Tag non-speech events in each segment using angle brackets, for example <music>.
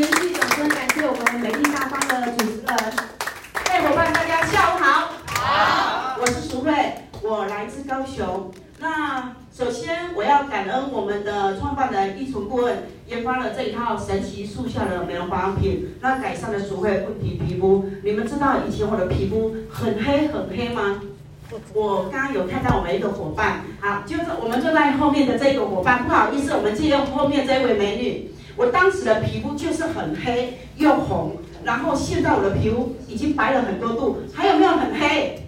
延續掌聲，感謝我們美麗大方的主持人。哎，夥伴，大家下午好。好，我是淑惠，我來自高雄。那首先我要感恩我們的創辦人一純顧問，研發了這一套神奇速效的美容保養品，那改善了淑惠問題皮膚。你們知道以前我的皮膚很黑很黑嗎？我剛剛有看到我們一個夥伴，好，就是我們坐在後面的這個夥伴，不好意思，我們借用後面這位美女。我當時的皮膚就是很黑又紅，然後現在我的皮膚已經白了很多度，還有沒有很黑？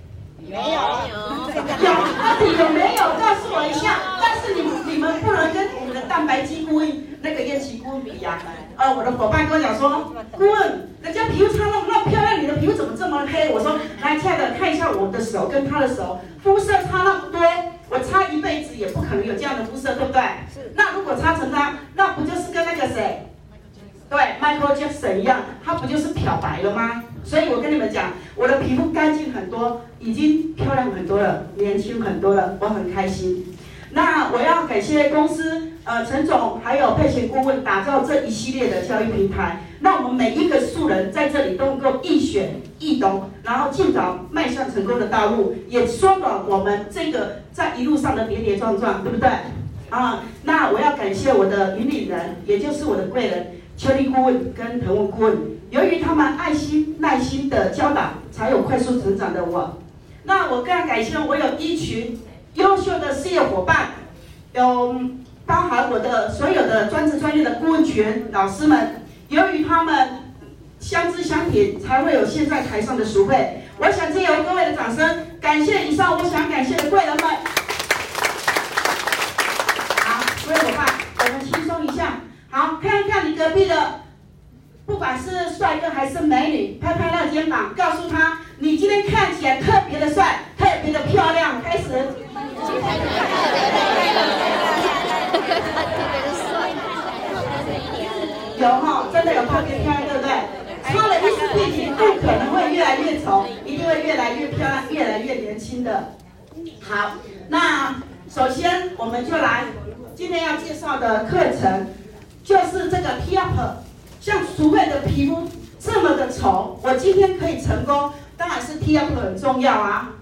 沒有，有，到底有沒有？告訴我一下。但是你們 <laughs> 你們不能跟你們的蛋白肌膚。那個艷琦顧問呀，啊呃，我的夥伴跟我講說，顧問，人家皮膚擦那麼那麼漂亮，你的皮膚怎麼這麼黑？我說，來，親愛的，看一下我的手跟她的手，膚色差那麼多，我擦一輩子也不可能有這樣的膚色，對不對？是那如果擦成他，那不就是跟那個誰，Michael Jackson 對，Michael Jackson 一樣，他不就是漂白了嗎？所以我跟你們講，我的皮膚乾淨很多，已經漂亮很多了，年輕很多了，我很開心。那我要感謝公司，呃，陳總還有派遣顧問打造這一系列的教育平台，讓我們每一個素人在這裡都能夠易學易懂，然後盡早邁向成功的道路，也縮短我們這個在一路上的跌跌撞撞，對不對？啊，那我要感謝我的引領人，也就是我的貴人秋麗顧問跟騰文顧問，由於他們愛心耐心的教導，才有快速成長的我。那我更要感謝我有一群。優秀的事業夥伴，有包含我的所有的專職專業的顧問群老師們，由於他們相知相挺，才會有現在台上的淑惠。我想借由各位的掌聲，感謝以上我想感謝的貴人們。好，所有伙伴，我們輕鬆一下。好，看一看你隔壁的，不管是帥哥還是美女，拍拍他的肩膀，告訴他，你今天看起來特別的帥，特別的漂亮。開始。有哈、哦，真的有特別漂亮，對不對？穿了一次變體，不可能會越來越醜，一定會越來越漂亮，越來越年輕的。好，那首先我們就來今天要介紹的課程，就是這個 T up。像所謂的皮膚這麼的醜，我今天可以成功，當然是 T up 很重要啊。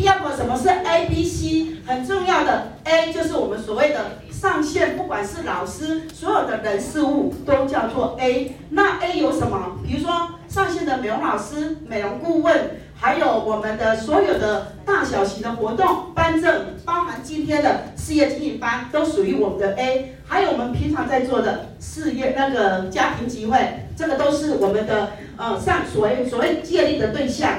第二個什麼是 A、B、C？很重要的 A 就是我們所謂的上線，不管是老師，所有的人事物都叫做 A。那 A 有什麼？比如說上線的美容老師、美容顧問，還有我們的所有的大小型的活動、頒證，包含今天的事業經營班，都屬於我們的 A。還有我們平常在做的事業，那個家庭集會，這個都是我們的呃上所謂所謂建立的對象。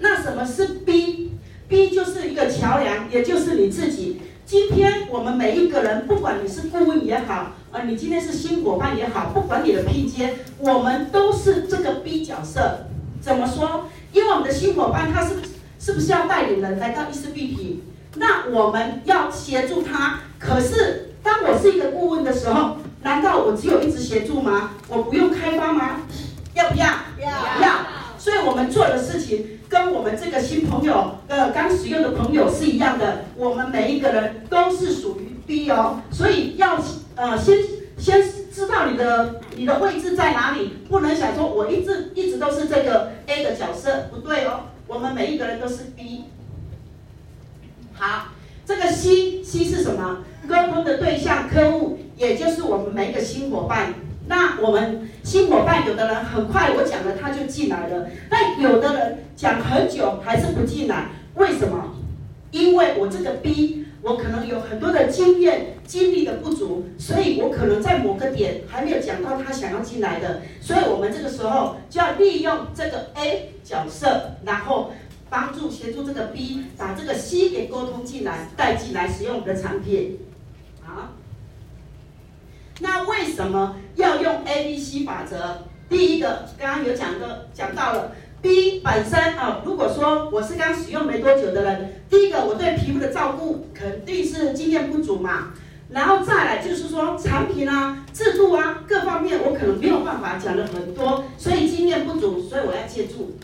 那什麼是 B？B 就是一個橋樑，也就是你自己。今天我們每一個人，不管你是顧問也好，呃，你今天是新夥伴也好，不管你的聘階，我們都是這個 B 角色。怎麼說？因為我們的新夥伴他是是不是要帶領人來到 E C B P？那我們要協助他。可是當我是一個顧問的時候，難道我只有一直協助嗎？我不用開發嗎？要不要？要。要。所以我們做的事情跟我們這個新朋友呃，剛使用的朋友是一樣的。我們每一個人都是屬於 B 哦，所以要呃先先知道你的你的位置在哪裡，不能想說我一直一直都是這個 A 的角色，不對哦。我們每一個人都是 B。好，這個 C C 是什麼？溝通的對象、客戶，也就是我們每一個新夥伴。那我們新夥伴有的人很快，我講了他就進來了，但有的人講很久還是不進來，為什麼？因為我這個 B 我可能有很多的經驗經歷的不足，所以我可能在某個點還沒有講到他想要進來的，所以我們這個時候就要利用這個 A 角色，然後幫助協助這個 B 把這個 C 給溝通進來帶進來使用我們的產品。那為什麼要用 ABC 法則？第一個，剛剛有講到，講到了 B 本身啊。如果說我是剛使用沒多久的人，第一個我對皮膚的照顧肯定是經驗不足嘛。然後再來就是說產品啊、制度啊各方面，我可能沒有辦法講得很多，所以經驗不足，所以我要借助。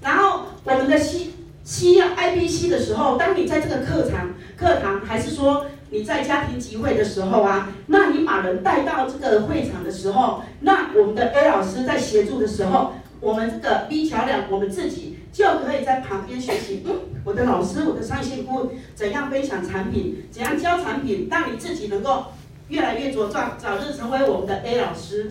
然後我們的需需要 ABC，C、啊、的時候，當你在這個課堂課堂還是說。你在家庭集會的時候啊，那你把人帶到這個會場的時候，那我們的 A 老師在協助的時候，我們這個 B 橋樑，我們自己就可以在旁邊學習。嗯，我的老師，我的上線顧問怎樣分享產品，怎樣教產品，讓你自己能夠越來越茁壯，早日成為我們的 A 老師。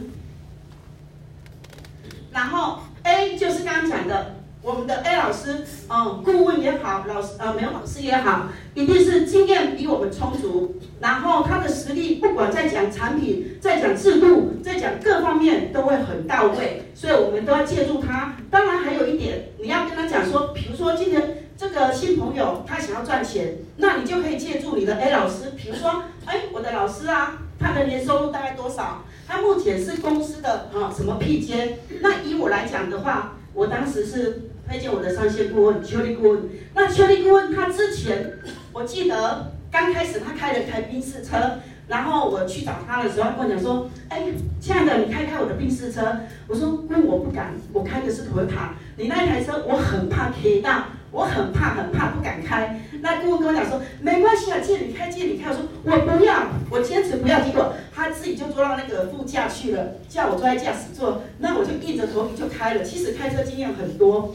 然後 A 就是剛剛講的。我們的 A 老師，嗯，顧問也好，老師呃，美容老師也好，一定是經驗比我們充足，然後他的實力，不管在講產品、在講制度、在講各方面，都會很到位，所以我們都要借助他。當然，還有一點，你要跟他講說，比如說今天這個新朋友他想要賺錢，那你就可以借助你的 A 老師，比如說，哎，我的老師啊，他的年收入大概多少？他目前是公司的啊、呃、什麼 P 階？那以我來講的話。我當時是推薦我的上線顧問，邱立顧問。那邱立顧問他之前，我記得剛開始他開了一台賓士車，然後我去找他的時候，跟我講說：“哎，親愛的，你開開我的賓士車。”我說：“不、嗯，我不敢，我開的是途卡。你那一台車我很怕鐵道，我很怕很怕，不敢開。”那顧問跟我講說，沒關係啊，借你開，借你開。我說我不要，我堅持不要。結果他自己就坐到那個副駕去了，叫我坐在駕駛座。那我就硬着頭皮就開了。其實開車經驗很多，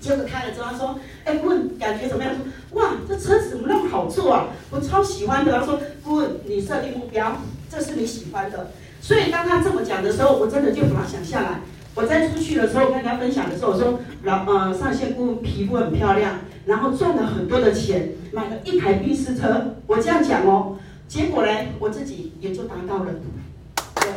結果開了之後，他說哎，顧問感覺怎麼樣？說哇，這車子怎麼那麼好坐啊？我超喜歡的。他說顧問，你設定目標，這是你喜歡的。所以當他這麼講的時候，我真的就把它想下來。我在出去的時候，跟大家分享的時候，我說老，呃，上線顧問皮膚很漂亮，然後賺了很多的錢，買了一台賓士車，我這樣講哦，結果嘞，我自己也就達到了。對。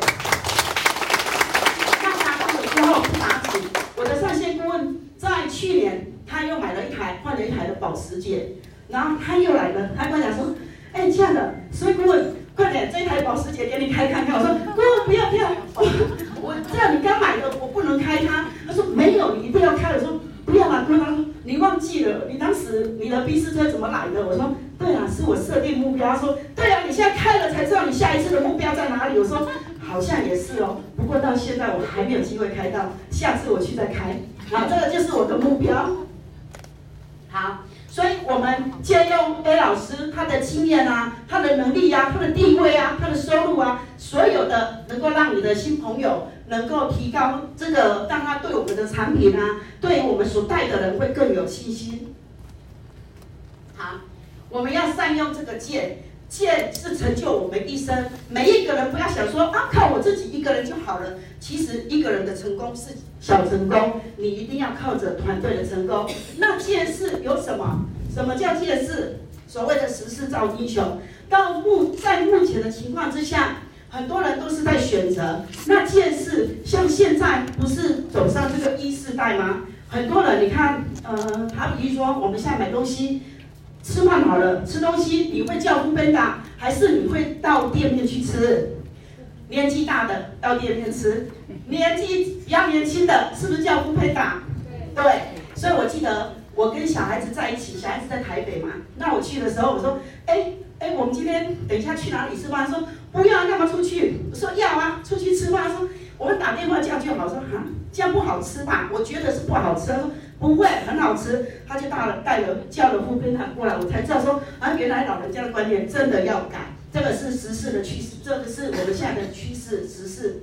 大家聽了之後，不打緊，我的上線顧問在去年，他又買了一台，換了一台的保時捷，然後他又來了，他跟我講說，哎，親愛的，所以顧問快點，這一台保時捷給你開看看。我說哥，姑不要不要，我我知道你剛買的，我不能開它。他說沒有，你一定要開。我說不要、嗯、啊，哥。他說你忘記了，你當時你的 B 四車怎麼來的？我說對啊，是我設定目標。他說對啊，你現在開了才知道你下一次的目標在哪裡。我說好像也是哦，不過到現在我還沒有機會開到，下次我去再開。好、啊，這個就是我的目標。好。所以，我們借用 A 老師他的經驗啊，他的能力呀、啊，他的地位啊，他的收入啊，所有的能夠讓你的新朋友能夠提高這個，讓他對我們的產品啊，對我們所帶的人會更有信心。好，我們要善用這個借。借勢成就我們一生，每一個人不要想說啊靠我自己一個人就好了，其實一個人的成功是小成功，你一定要靠着團隊的成功。那借勢有什麼？什麼叫借勢？所謂的時勢造英雄。到目在目前的情況之下，很多人都是在選擇。那借勢像現在不是走上這個一世代嗎？很多人你看，呃，好比如說我們現在買東西。吃飯好了，吃東西你會叫富胖達，還是你會到店面去吃？年紀大的到店面吃，年紀比較年輕的，是不是叫富胖達？對，所以我記得我跟小孩子在一起，小孩子在台北嘛。那我去的時候，我說，哎、欸、哎、欸，我們今天等一下去哪裡吃飯？他說不要、啊，那麼出去。我說要啊，出去吃飯。他說我們打電話叫就好。我說啊，這樣不好吃吧？我覺得是不好吃。他說不會很好吃，他就帶了帶了叫了護班長過來，我才知道說啊，原來老人家的觀念真的要改，這個是時事的趨勢，這個是我們現在的趨勢時事。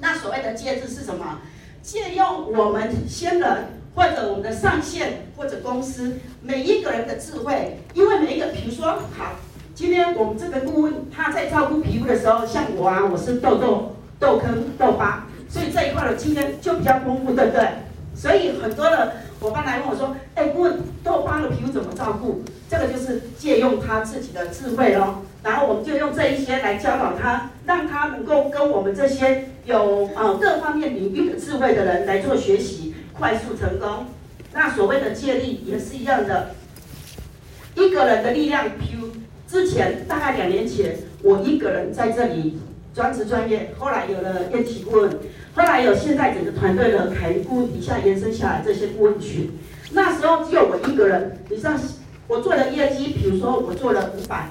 那所謂的借智是什麼？借用我們先人或者我們的上線或者公司每一個人的智慧，因為每一個比如說好，今天我們這個顧問他在照顧皮膚的時候，像我啊，我是痘痘、痘坑、痘疤，所以這一塊的經驗就比較豐富，對不對？所以很多的夥伴來問我說：“哎，問豆花的皮膚怎麼照顧？”這個就是借用他自己的智慧咯，然後我們就用這一些來教導他，讓他能夠跟我們這些有呃各方面領域的智慧的人來做學習，快速成功。那所謂的借力也是一樣的，一個人的力量。譬如之前大概兩年前，我一個人在這裡專職專業，後來有了葉奇顧問。後來有現在整個團隊的凱莉顧問，底下延伸下來這些顧問群，那時候只有我一個人。你像我做的業績，比如說我做了五百，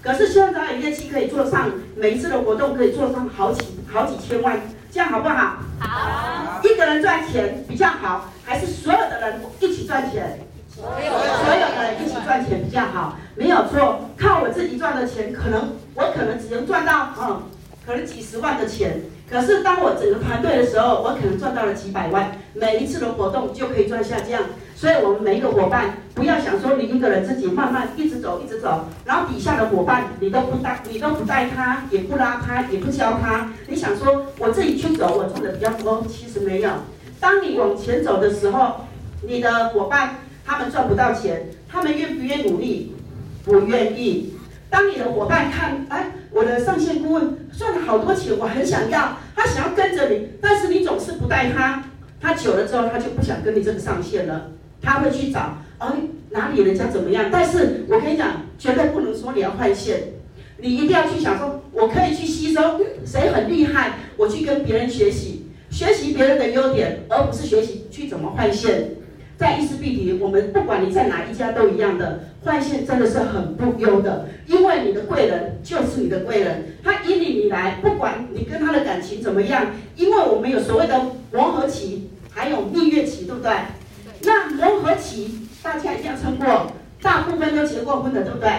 可是現在的業績可以做上每一次的活動，可以做上好幾好幾千萬，這樣好不好？好，一個人賺錢比較好，還是所有的人一起賺錢？所有所有的人一起賺錢比較好，沒有錯。靠我自己賺的錢，可能我可能只能賺到嗯，可能幾十萬的錢。可是當我整個團隊的時候，我可能賺到了幾百萬，每一次的活動就可以賺下這樣。所以，我們每一個夥伴不要想說你一個人自己慢慢一直走，一直走，然後底下的夥伴你都不帶，你都不帶他，也不拉他，也不教他。你想說我自己去走，我做的比較多，其實沒有。當你往前走的時候，你的夥伴他們賺不到錢，他們願不願意努力？不願意。當你的夥伴看，哎，我的上線顧問賺了好多錢，我很想要，他想要跟着你，但是你總是不帶他，他久了之後他就不想跟你這個上線了，他會去找，哎，哪裡人家怎麼樣？但是我跟你講，絕對不能說你要換線，你一定要去想說，我可以去吸收，誰很厲害，我去跟別人學習，學習別人的優點，而不是學習去怎麼換線。在意思必提，我們不管你在哪一家都一樣的，換線真的是很不優的，因為你的貴人就是你的貴人，他引領你來，不管你跟他的感情怎麼樣，因為我們有所謂的磨合期，還有蜜月期，對不對？對，那磨合期大家一定要撐過，大部分都結過婚的，對不對？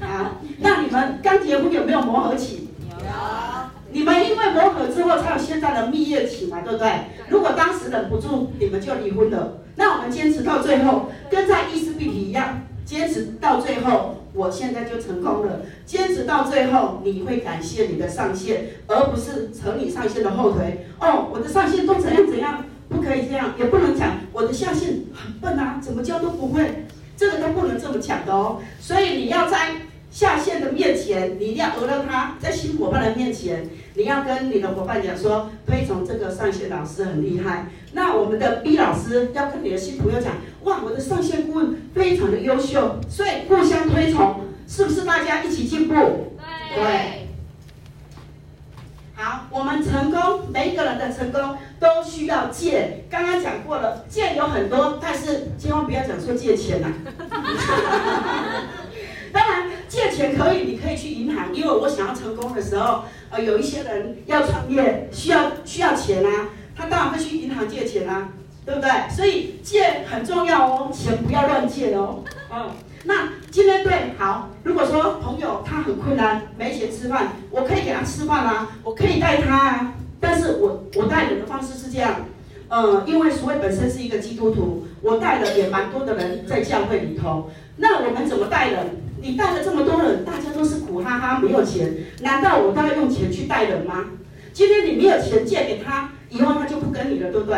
對啊，那你們剛結婚有沒有磨合期？有。你們因為磨合之後才有現在的蜜月期嘛，對不對？對。如果當時忍不住，你們就離婚了。那我們堅持到最後，跟在意識不體一樣，堅持到最後，我現在就成功了。堅持到最後，你會感謝你的上線，而不是扯你上線的後腿。哦，我的上線都怎樣怎樣，不可以這樣，也不能講我的下線很笨啊，怎麼教都不會，這個都不能這麼講的哦。所以你要在。下線的面前，你一定要訛到他，在新夥伴的面前，你要跟你的夥伴講說推崇這個上線老師很厲害。那我們的 B 老師要跟你的新朋友講：哇，我的上線顧問非常的優秀，所以互相推崇，是不是大家一起進步？對，對。好，我們成功，每一個人的成功都需要借。剛剛講過了，借有很多，但是千萬不要講說借錢吶、啊。 <laughs> 當然，借錢可以，你可以去銀行，因為我想要成功的時候，呃，有一些人要創業，需要需要錢啊，他當然會去銀行借錢啊，對不對？所以借很重要哦，錢不要亂借哦。嗯、哦，那今天對，好，如果說朋友他很困難，沒錢吃飯，我可以給他吃飯啊，我可以帶他啊，但是我我帶人的方式是這樣，呃，因為淑惠本身是一個基督徒，我帶的也蠻多的人在教會裡頭，那我們怎麼帶人？你帶了這麼多人，大家都是苦哈哈，沒有錢。難道我都要用錢去帶人嗎？今天你沒有錢借給他，以後他就不跟你了，對不對？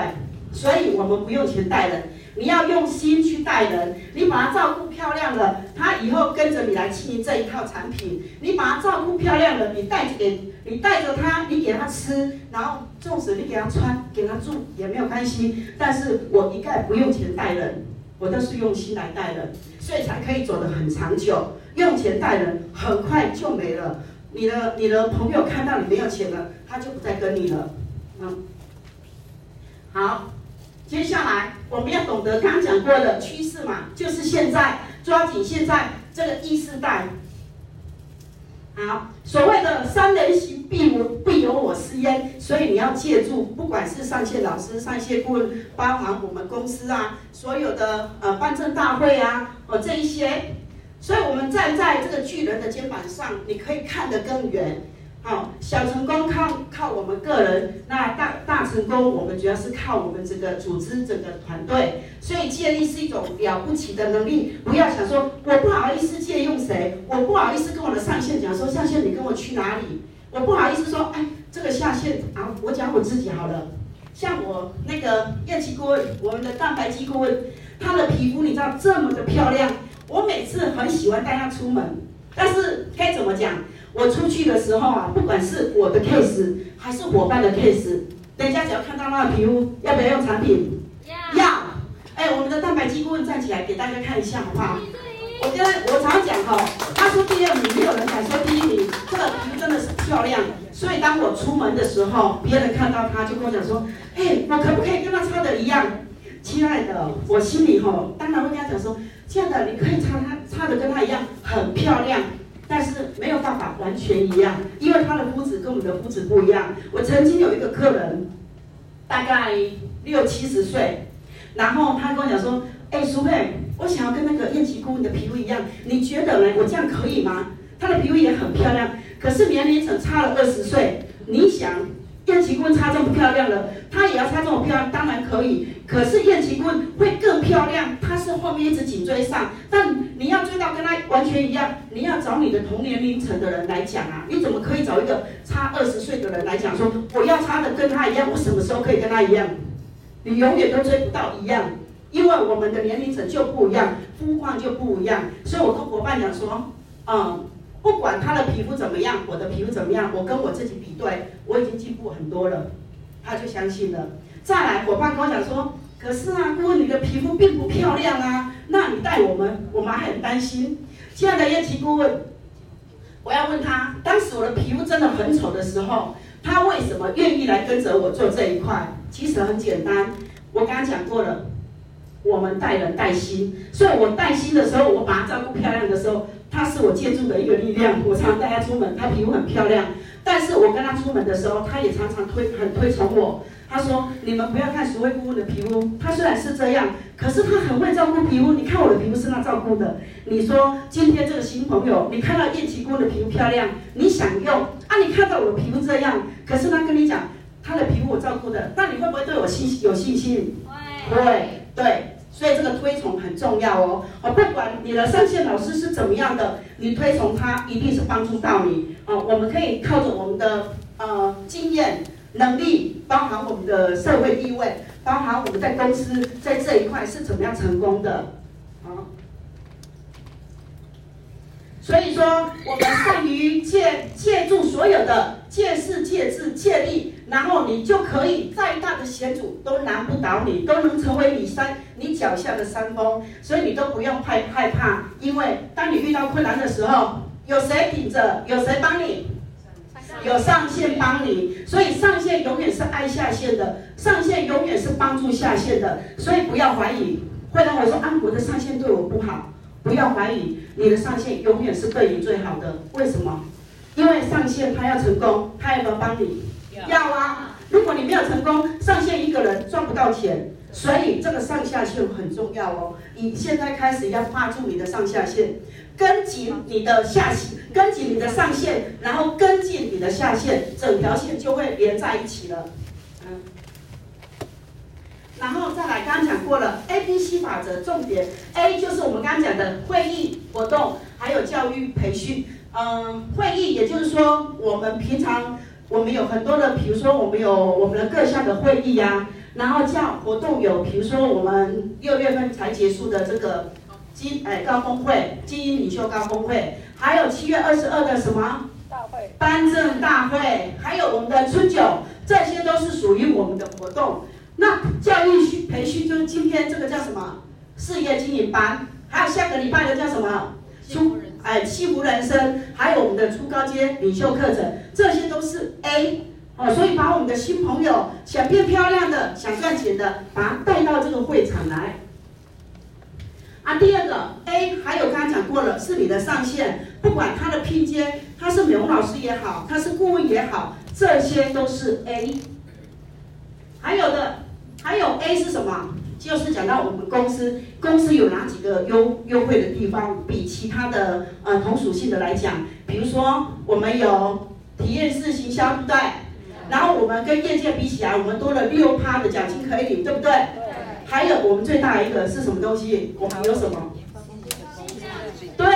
所以我們不用錢帶人，你要用心去帶人。你把他照顧漂亮了，他以後跟着你來經營這一套產品。你把他照顧漂亮了，你帶着給你帶着他，你給他吃，然後縱使你給他穿，給他住也沒有關係。但是我一概不用錢帶人。我都是用心來帶人，所以才可以走得很長久。用錢帶人，很快就沒了。你的你的朋友看到你沒有錢了，他就不再跟你了。嗯，好，接下來我們要懂得剛剛講過的趨勢嘛，就是現在抓緊現在這個意識帶。好，所謂的三人行。所以你要借助，不管是上線老師、上線顧問，包含我們公司啊，所有的呃辦證大會啊，哦這一些，所以我們站在，在這個巨人的肩膀上，你可以看得更遠。好、哦，小成功靠靠我們個人，那大大成功我們主要是靠我們這個組織、整個團隊。所以借力是一種了不起的能力，不要想說我不好意思借用誰，我不好意思跟我的上線講說，上線你跟我去哪裡，我不好意思說，哎。這個下線啊，我講我自己好了。像我那個宴席顧問，我們的蛋白肌顧問，她的皮膚你知道這麼的漂亮，我每次很喜歡帶她出門。但是該怎麼講？我出去的時候啊，不管是我的 case 還是夥伴的 case，人家只要看到她的皮膚，要不要用產品？要。哎，我們的蛋白肌顧問站起來給大家看一下，好不好？我跟我常講哈，他說第二名，沒有人敢說第一名。這個皮膚真的是漂亮，所以當我出門的時候，別人看到他就跟我講說：“哎，我可不可以跟他擦的一樣？”親愛的，我心裡哈，當然會跟他講說：“親愛的，你可以擦她，擦的跟他一樣很漂亮，但是沒有辦法完全一樣，因為他的膚質跟我們的膚質不一樣。”我曾經有一個客人，大概六七十歲，然後他跟我講說。哎，淑惠，我想要跟那個燕琪顧問的皮膚一樣，你覺得呢？我這樣可以嗎？她的皮膚也很漂亮，可是年齡層差了二十歲。你想，燕琪顧問差這麼漂亮了，她也要差這麼漂亮，當然可以。可是燕琪顧問會更漂亮，她是後面一直緊追上，但你要追到跟她完全一樣，你要找你的同年齡層的人來講啊，你怎麼可以找一個差二十歲的人來講說，我要差的跟她一樣，我什麼時候可以跟她一樣？你永遠都追不到一樣。因為我們的年齡層就不一樣，膚況就不一樣，所以我跟夥伴講說，嗯，不管他的皮膚怎麼樣，我的皮膚怎麼樣，我跟我自己比對，我已經進步很多了，他就相信了。再來，夥伴跟我講說，可是啊，顧問你的皮膚並不漂亮啊，那你帶我們，我們還很擔心。親愛的葉琪顧問，我要問他，當時我的皮膚真的很醜的時候，他為什麼願意來跟着我做這一塊？其實很簡單，我剛剛講過了。我們帶人帶心，所以我帶心的時候，我把她照顧漂亮的時候，她是我借助的一個力量。我常帶她出門，她皮膚很漂亮。但是我跟她出門的時候，她也常常推很推崇我。她說：“你們不要看淑惠顧問的皮膚，她雖然是這樣，可是她很會照顧皮膚。你看我的皮膚是她照顧的。你說今天這個新朋友，你看到燕琪顧問的皮膚漂亮，你想用啊？你看到我的皮膚這樣，可是她跟你講她的皮膚我照顧的，那你會不會對我信有信心？會，對。對”所以這個推崇很重要哦，我、哦、不管你的上線老師是怎麼樣的，你推崇他一定是幫助到你啊、哦。我們可以靠着我們的呃經驗、能力，包含我們的社會地位，包含我們在公司在這一塊是怎麼樣成功的。好、哦，所以說我們善於借借助所有的借勢、借智、借力。然後你就可以再大的險阻都難不倒你，都能成為你山你腳下的山峰，所以你都不用害害怕，因為當你遇到困難的時候，有誰頂着？有誰幫你？有上線幫你？所以上線永遠是愛下線的，上線永遠是幫助下線的，所以不要懷疑。會認為說安國的上線對我不好，不要懷疑，你的上線永遠是對你最好的。為什麼？因為上線他要成功，他要不要幫你？要啊！如果你沒有成功，上線一個人賺不到錢，所以這個上下線很重要哦。你現在開始要畫住你的上下線，跟進你的下線，跟進你的上線，然後跟進你的下線，整條線就會連在一起了。嗯，然後再來，剛剛講過了，A、B、C 法則重點，A 就是我們剛剛講的會議活動，還有教育培訓。嗯、呃，會議也就是說我們平常。我們有很多的，比如說我們有我們的各項的會議呀、啊，然後叫活動有，比如說我們六月份才結束的這個精哎高峰會、精英領袖高峰會，還有七月二十二的什麼大會、頒證大會，還有我們的春酒，這些都是屬於我們的活動。那教育培訓就是今天這個叫什麼事業經營班，還有下個禮拜的叫什麼？初哎，西湖人生，還有我們的初高階領袖課程，這些都是 A 哦，所以把我們的新朋友想變漂亮的，想賺錢的，把他帶到這個會場來。啊，第二個 A，還有剛剛講過了，是你的上線，不管他的拼接，他是美容老師也好，他是顧問也好，這些都是 A。還有的，還有 A 是什麼？就是講到我們公司。公司有哪幾個優優惠的地方？比其他的呃同屬性的來講，比如說我們有體驗式行銷，對不對？然後我們跟業界比起來，我們多了六趴的獎金可以領，對不對？對，還有我們最大一個是什麼東西？我們有什麼？對，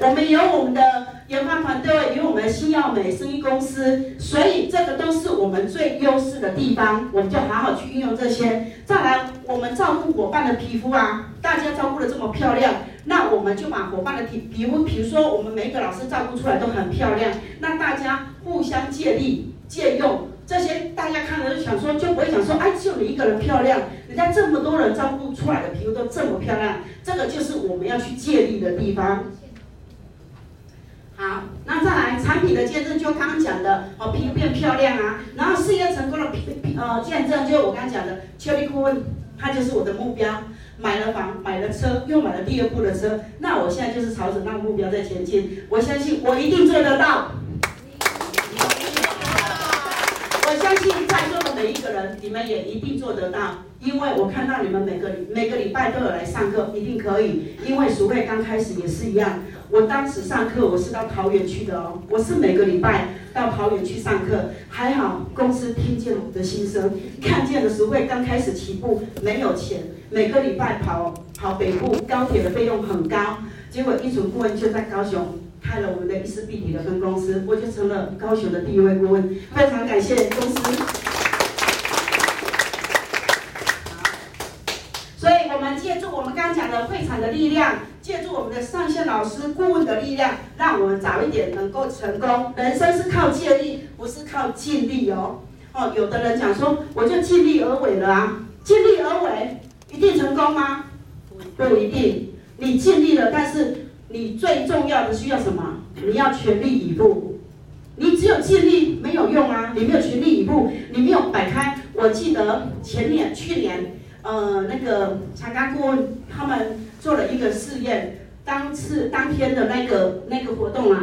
我們有我們的。研發團隊，因為我們新藥美生意公司，所以這個都是我們最優勢的地方，我們就好好去運用這些。再來，我們照顧夥伴的皮膚啊，大家照顧得這麼漂亮，那我們就把夥伴的皮膚，比如比如說我們每一個老師照顧出來都很漂亮，那大家互相借力、借用這些，大家看了就想說，就不會想說，哎、啊，就你一個人漂亮，人家這麼多人照顧出來的皮膚都這麼漂亮，這個就是我們要去借力的地方。再來產品的見證，就剛剛講的哦，皮膚變漂亮啊。然後事業成功的，皮皮呃見證，就我剛講的，邱麗顧問，他就是我的目標。買了房，買了車，又買了第二部的車，那我現在就是朝着那個目標在前進。我相信，我一定做得到。你我相信在座的。每一個人，你們也一定做得到，因為我看到你們每個每個禮拜都有來上課，一定可以。因為淑惠剛開始也是一樣，我當時上課，我是到桃園去的哦，我是每個禮拜到桃園去上課，還好公司聽見我的心聲，看見了淑惠剛開始起步沒有錢，每個禮拜跑跑北部高鐵的費用很高，結果一組顧問就在高雄開了我們的衣食必理的分公司，我就成了高雄的第一位顧問，非常感謝公司。現場的力量，借助我們的上線老師顧問的力量，讓我們早一點能夠成功。人生是靠借力，不是靠盡力哦。哦，有的人講說，我就盡力而為了啊，盡力而為一定成功嗎？不，不一定。你盡力了，但是你最重要的需要什麼？你要全力以赴。你只有盡力沒有用啊，你沒有全力以赴，你沒有擺開。我記得前年去年，呃，那個參加顧問他們。做了一個試驗，當次當天的那個那個活動啊，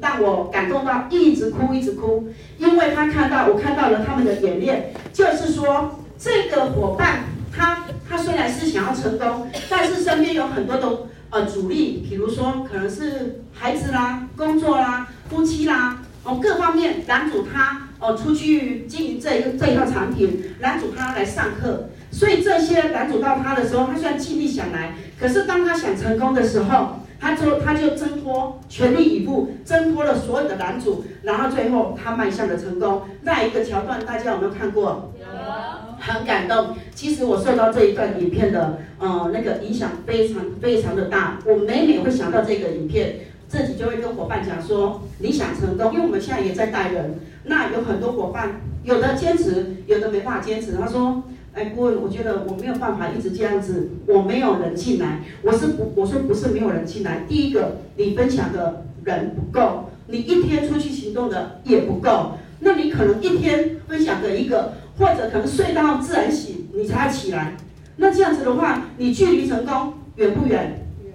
讓我感動到一直哭一直哭，因為他看到，我看到了他們的演練，就是說這個伙伴他他雖然是想要成功，但是身邊有很多的呃阻力，比如說可能是孩子啦、工作啦、夫妻啦哦各方面，攔阻他哦出去經營這一個這一套產品，攔阻他來上課，所以這些攔阻到他的時候，他雖然盡力想來。可是，當他想成功的時候，他就他就掙脫，全力以赴，掙脫了所有的攔阻，然後最後他邁向了成功。那一個橋段，大家有沒有看過？有啊，很感動。其實我受到這一段影片的，呃，那個影響非常非常的大。我每每會想到這個影片，自己就會跟伙伴講說：你想成功？因為我們現在也在帶人，那有很多伙伴，有的堅持，有的沒辦法堅持。他說。哎，各位我覺得我沒有辦法一直這樣子，我沒有人進來。我是不，我說不是沒有人進來。第一個，你分享的人不夠，你一天出去行動的也不夠，那你可能一天分享個一個，或者可能睡到自然醒你才起來，那這樣子的話，你距離成功遠不遠？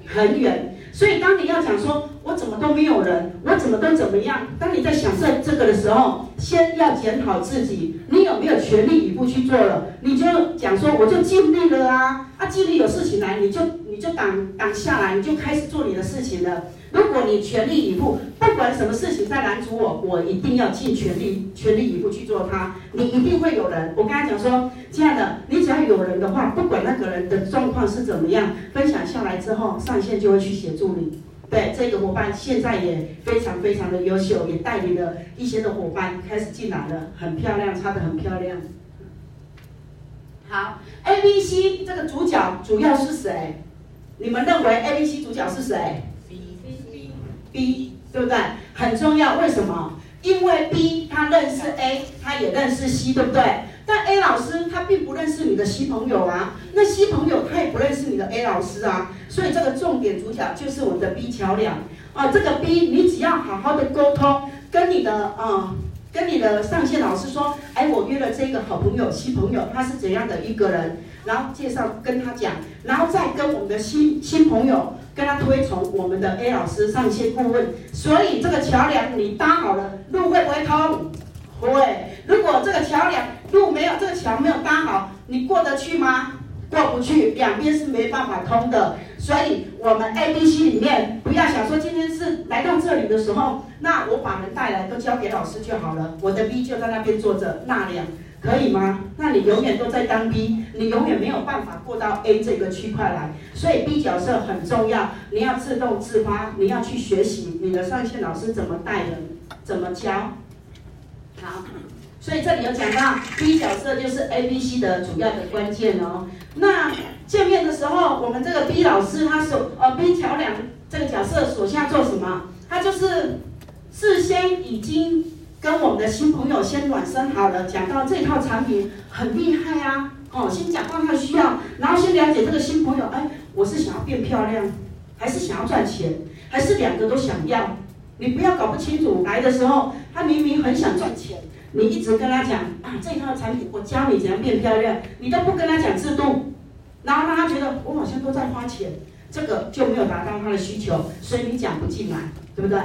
很遠。所以，當你要講說，我怎麼都沒有人，我怎麼都怎麼樣？當你在想這這個的時候，先要檢討自己，你有沒有全力以赴去做了？你就講說，我就盡力了啊！啊，盡力有事情來，你就你就擋擋下來，你就開始做你的事情了。如果你全力以赴，不管什麼事情在攔阻我，我一定要盡全力，全力以赴去做它。你一定會有人。我跟他講說，親愛的，你只要有人的話，不管那個人的狀況是怎麼樣，分享下來之後，上線就會去協助你。對，這個夥伴現在也非常非常的優秀，也帶領了一些的夥伴開始進來了，很漂亮，穿的很漂亮。好，ABC 這個主角主要是誰？你們認為 ABC 主角是誰？B，對不對？很重要，為什麼？因為 B 他認識 A，他也認識 C，對不對？但 A 老師他並不認識你的 C 朋友啊，那 C 朋友他也不認識你的 A 老師啊，所以這個重點主角就是我們的 B 橋梁啊、哦。這個 B 你只要好好的溝通，跟你的啊、嗯，跟你的上線老師說，哎，我約了這個好朋友 C 朋友，他是怎樣的一個人，然後介紹跟他講，然後再跟我們的新新朋友。跟他推崇我們的 A 老師上線顧問，所以這個橋梁你搭好了，路會不會通？會。如果這個橋梁路沒有，這個橋沒有搭好，你過得去嗎？過不去，兩邊是沒辦法通的。所以我們 A、B、C 裡面不要想說今天是來到這裡的時候，那我把人帶來都交給老師就好了，我的 B 就在那邊坐着納涼。那可以嗎？那你永遠都在當 B，你永遠沒有辦法過到 A 這個區塊來。所以 B 角色很重要，你要自動自發，你要去學習你的上線老師怎麼帶人，怎麼教。好，所以這裡有講到 B 角色就是 A、B、C 的主要的關鍵哦。那見面的時候，我們這個 B 老師他所呃 B 橋樑這個角色所要做什麼？他就是事先已經。跟我們的新朋友先暖身好了，講到這套產品很厲害啊，哦，先講到他的需要，然後先了解這個新朋友，哎，我是想要變漂亮，還是想要賺錢，還是兩個都想要？你不要搞不清楚，來的時候，他明明很想賺錢，你一直跟他講啊，這套產品我教你怎樣變漂亮，你都不跟他講制度，然後讓他覺得我好像都在花錢，這個就沒有達到他的需求，所以你講不進來，對不對？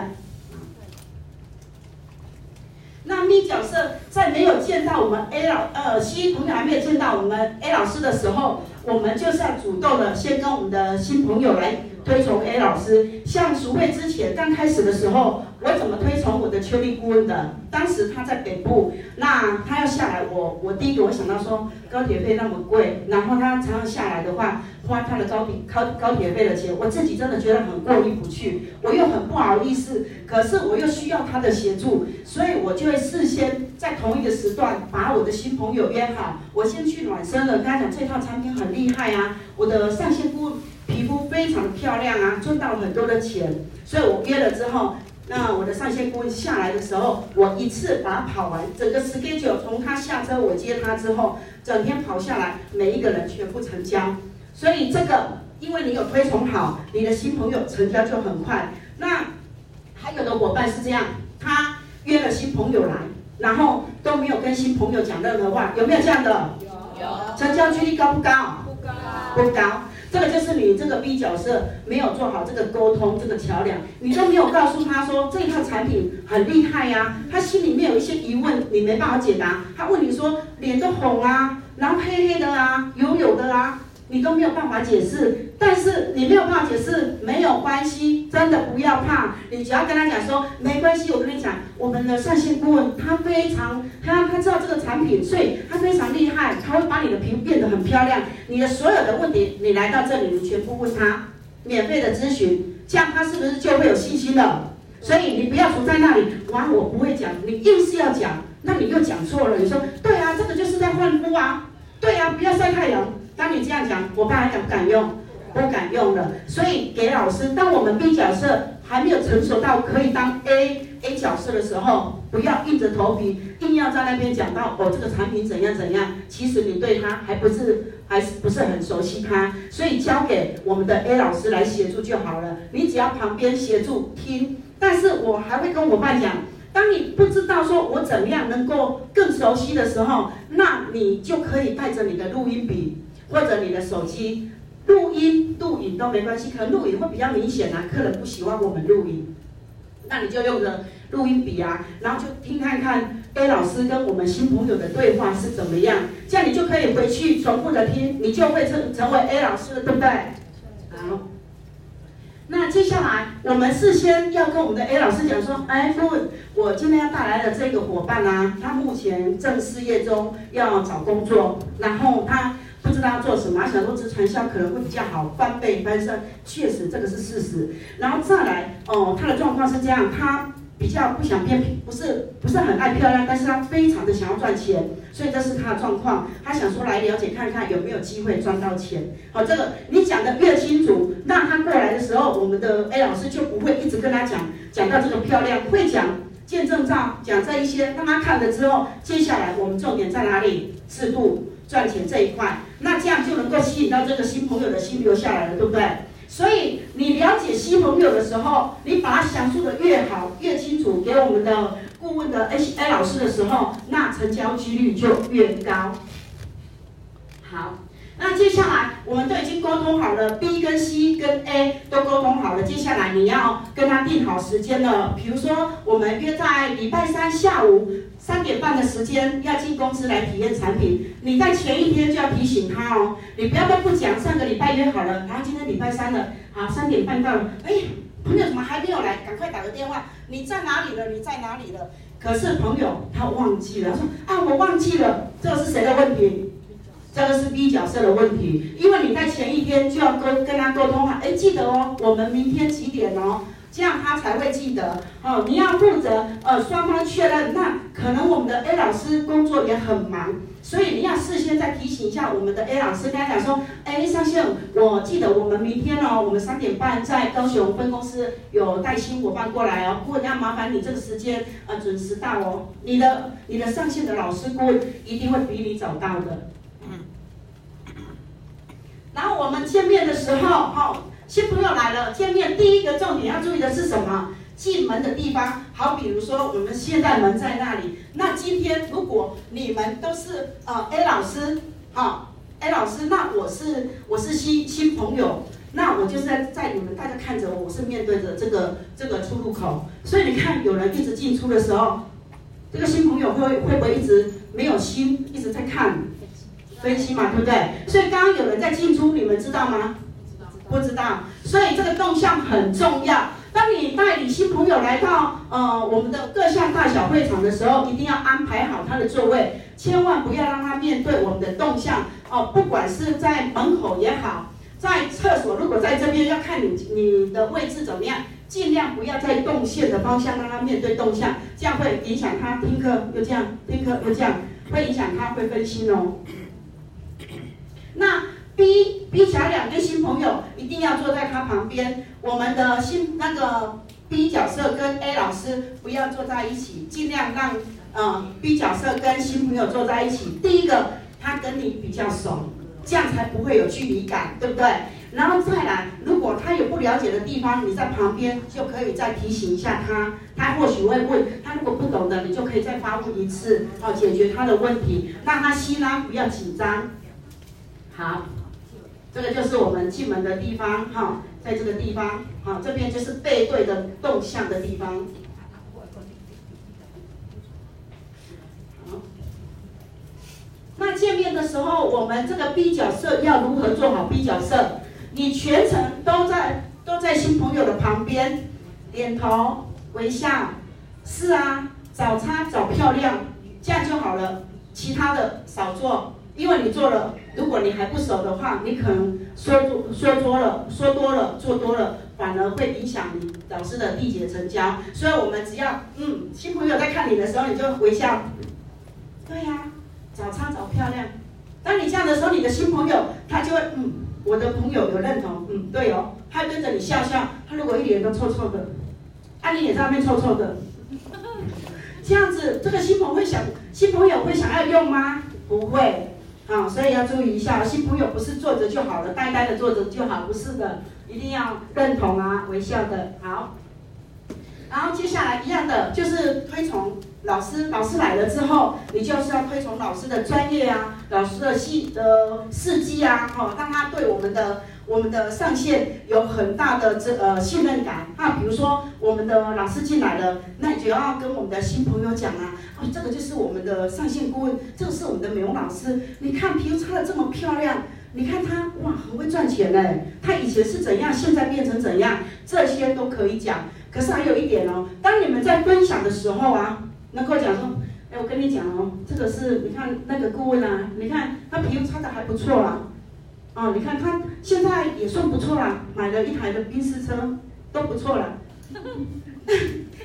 那 B 角色在沒有見到我們 A 老呃、新朋友還沒有見到我們 A 老師的時候，我們就是要主動的先跟我們的新朋友來推崇 A 老師，像淑惠之前剛開始的時候。我怎麼推崇我的確內顧問的？當時他在北部，那他要下來，我我第一個我想到說高鐵費那麼貴，然後他才要下來的話，花他的招聘高鐵高鐵費的錢，我自己真的覺得很過意不去，我又很不好意思，可是我又需要他的協助，所以我就會事先在同一個時段把我的新朋友約好，我先去暖身了。跟他講這套產品很厲害啊，我的上線顧問皮膚非常漂亮啊，賺到很多的錢，所以我約了之後。那我的上線顧問下來的時候，我一次把他跑完整個 schedule，從他下車我接他之後，整天跑下來，每一個人全部成交。所以這個，因為你有推崇好，你的新朋友成交就很快。那還有的夥伴是這樣，他約了新朋友來，然後都沒有跟新朋友講任何話，有沒有這樣的？有有。成交幾率高不高？不高。不高。這個就是你這個 B 角色沒有做好這個溝通這個橋樑，你都沒有告訴他說這一套產品很厲害呀，啊，他心裡面有一些疑問，你沒辦法解答，他問你說臉都紅啊，然後黑黑的啊，油油的啊。你都沒有辦法解釋，但是你沒有辦法解釋沒有關係，真的不要怕，你只要跟他講說沒關係，我跟你講，我們的上線顧問他非常他他知道這個產品，所以他非常厲害，他會把你的皮膚變得很漂亮。你的所有的問題，你來到這裡，你全部問他，免費的諮詢，這樣他是不是就會有信心了？所以你不要杵在那裡，哇，我不會講，你硬是要講，那你又講錯了。你說對啊，這個就是在換膚啊，對啊，不要曬太陽。當你這樣講，夥伴還敢不敢用？不敢用了。所以給老師，當我們 B 角色還沒有成熟到可以當 A A 角色的時候，不要硬着頭皮，硬要在那邊講到，哦，這個產品怎樣怎樣。其實你對它還不是還是不是很熟悉它，所以交給我們的 A 老師來協助就好了。你只要旁邊協助聽。但是我還會跟夥伴講，當你不知道說我怎樣能夠更熟悉的時候，那你就可以帶着你的錄音筆。或者你的手機錄音、錄影都沒關係，可能錄影會比較明顯啊，客人不喜歡我們錄影，那你就用個錄音筆啊，然後就聽看看 A 老師跟我們新朋友的對話是怎麼樣，這樣你就可以回去重複的聽，你就會成成為 A 老師了，對不對？好，那接下來我們事先要跟我們的 A 老師講說，哎，我今天要帶來的這個夥伴啊，他目前正失業中，要找工作，然後他。不知道要做什麼，他想做直傳銷可能會比較好，翻倍翻身，確實這個是事實。然後再來，哦，他的狀況是這樣，他比較不想變，不是不是很愛漂亮，但是他非常的想要賺錢，所以這是他的狀況。他想說來了解看看有沒有機會賺到錢。好，哦，這個你講得越清楚，那他過來的時候，我們的 A 老師就不會一直跟他講講到這個漂亮，會講見證照，講這一些，讓他看了之後，接下來我們重點在哪裡？制度。賺錢這一塊，那這樣就能夠吸引到這個新朋友的心留下來了，對不對？所以你了解新朋友的時候，你把它想述的越好，越清楚，給我們的顧問的 H A 老師的時候，那成交幾率就越高。好，那接下來我們都已經溝通好了，B 跟 C 跟 A 都溝通好了，接下來你要跟他定好時間了。比如說，我們約在禮拜三下午。三點半的時間要進公司來體驗產品，你在前一天就要提醒他哦，你不要都不講，上個禮拜約好了，然後今天禮拜三了，好，三點半到了，哎，朋友怎麼還沒有來？趕快打個電話，你在哪裡了？你在哪裡了？可是朋友他忘記了，他說，啊我忘記了，這個是誰的問題？這個是 B 角色的問題，因為你在前一天就要跟跟他溝通啊，哎，記得哦，我們明天幾點哦？這樣他才會記得哦。你要負責呃雙方確認，那可能我們的 A 老師工作也很忙，所以你要事先再提醒一下我們的 A 老師，跟他講說：哎，上線，我記得我們明天哦，我們三點半在高雄分公司有帶新夥伴過來哦，不過你要麻煩你這個時間呃準時到哦。你的你的上線的老師顧問一定會比你早到的。嗯，然後我們見面的時候哦。新朋友來了，見面第一個重點要注意的是什麼？進門的地方，好，比如說我們現在門在那裡。那今天如果你們都是呃 A 老師啊 A 老師，那我是我是新新朋友，那我就是在在你們大家看着我，我是面對着這個這個出入口。所以你看，有人一直進出的時候，這個新朋友會會不會一直沒有心，一直在看分析嘛，對不對？所以剛剛有人在進出，你們知道嗎？不知道，所以這個動向很重要。當你帶領新朋友來到呃我們的各項大小會場的時候，一定要安排好他的座位，千萬不要讓他面對我們的動向哦，呃。不管是在門口也好，在廁所，如果在這邊要看你、你的位置怎麼樣，盡量不要在動線的方向讓他面對動向，這樣會影響他聽課。又這樣聽課，又這樣會影響他會分心哦。那。B B 角，兩個新朋友一定要坐在他旁邊，我們的新那個 B 角色跟 A 老師不要坐在一起，盡量讓、呃、B 角色跟新朋友坐在一起。第一個，他跟你比較熟，這樣才不會有距離感，對不對？然後再來，如果他有不了解的地方，你在旁邊就可以再提醒一下他，他或許會問，他如果不懂的，你就可以再發問一次，好、哦、解決他的問題，讓他輕鬆不要緊張。好。這個就是我們進門的地方，哈，在這個地方，啊，這邊就是背對的動向的地方。那見面的時候，我們這個 B 角色要如何做好 B 角色？你全程都在都在新朋友的旁邊，點頭微笑，是啊，找差找漂亮，這樣就好了，其他的少做。因為你做了，如果你還不熟的話，你可能說多說多了，說多了，做多了，反而會影響你老師的締結成交。所以我們只要，嗯，新朋友在看你的時候，你就微笑。對呀、啊，早穿早漂亮。當你這樣的時候，你的新朋友他就會，嗯，我的朋友有認同，嗯，對哦，他跟着你笑笑。他如果一臉都臭臭的，啊，你臉上面臭臭的，這樣子，這個新朋友會想，新朋友會想要用嗎？不會。啊、哦，所以要注意一下，新朋友不是坐着就好了，呆呆的坐着就好，不是的，一定要認同啊，微笑的好。然後接下來一樣的，就是推崇老師，老師來了之後，你就是要推崇老師的專業啊，老師的事，呃，事跡啊，哦，讓他對我們的。我們的上線有很大的這個信任感啊，比如說我們的老師進來了，那你就要跟我們的新朋友講啊，哦，這個就是我們的上線顧問，這個是我們的美容老師，你看皮膚擦的這麼漂亮，你看他哇很會賺錢嘞，他以前是怎樣，現在變成怎樣，這些都可以講。可是還有一點哦，當你們在分享的時候啊，能夠講說，哎我跟你講哦，這個是你看那個顧問啊，你看他皮膚擦的還不錯了啊。啊、哦，你看他現在也算不錯啦，買了一台的賓士車，都不錯啦。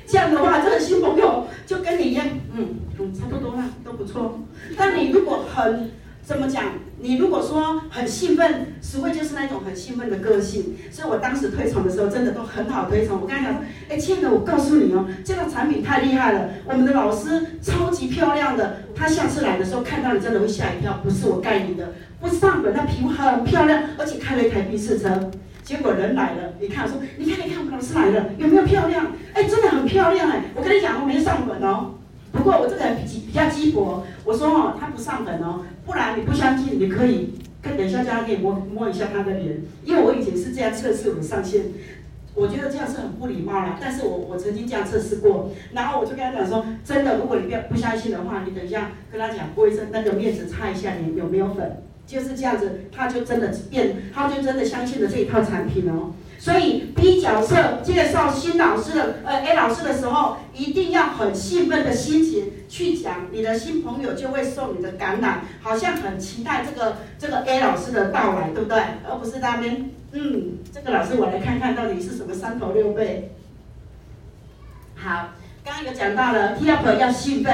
這樣的話，這個新朋友就跟你一樣，嗯，嗯，差不多啦，都不錯。但你如果很。怎麼講？你如果說很興奮，淑惠就是那種很興奮的個性，所以我當時推崇的時候真的都很好推崇。我跟他講，哎，親的，我告訴你哦，這個產品太厲害了，我們的老師超級漂亮的，她下次來的時候看到你真的會嚇一跳，不是我蓋你的，不是上本。她皮膚很漂亮，而且開了一台賓士車。結果人來了，你看我說，你看你看我們老師來了，有沒有漂亮？哎，真的很漂亮哎、欸！我跟你講，我沒上本哦。不過我這個人比，比較雞婆，我說哦，他不上粉哦，不然你不相信，你可以跟等一下叫他給你摸摸一下他的臉，因為我以前是這樣測試我的上線，我覺得這樣是很不禮貌啦。但是我我曾經這樣測試過，然後我就跟他講說，真的，如果你不不相信的話，你等一下跟他講，過一聲那個面紙擦一下臉有沒有粉，就是這樣子，他就真的變，他就真的相信了這一套產品哦。所以 B 角色介紹新老師的，呃 A 老師的時候，一定要很興奮的心情去講，你的新朋友就會受你的感染，好像很期待這個這個 A 老師的到來，對不對？而不是那邊，嗯，這個老師我來看看到底是什麼三頭六臂。好，剛剛有講到了，T-up 要興奮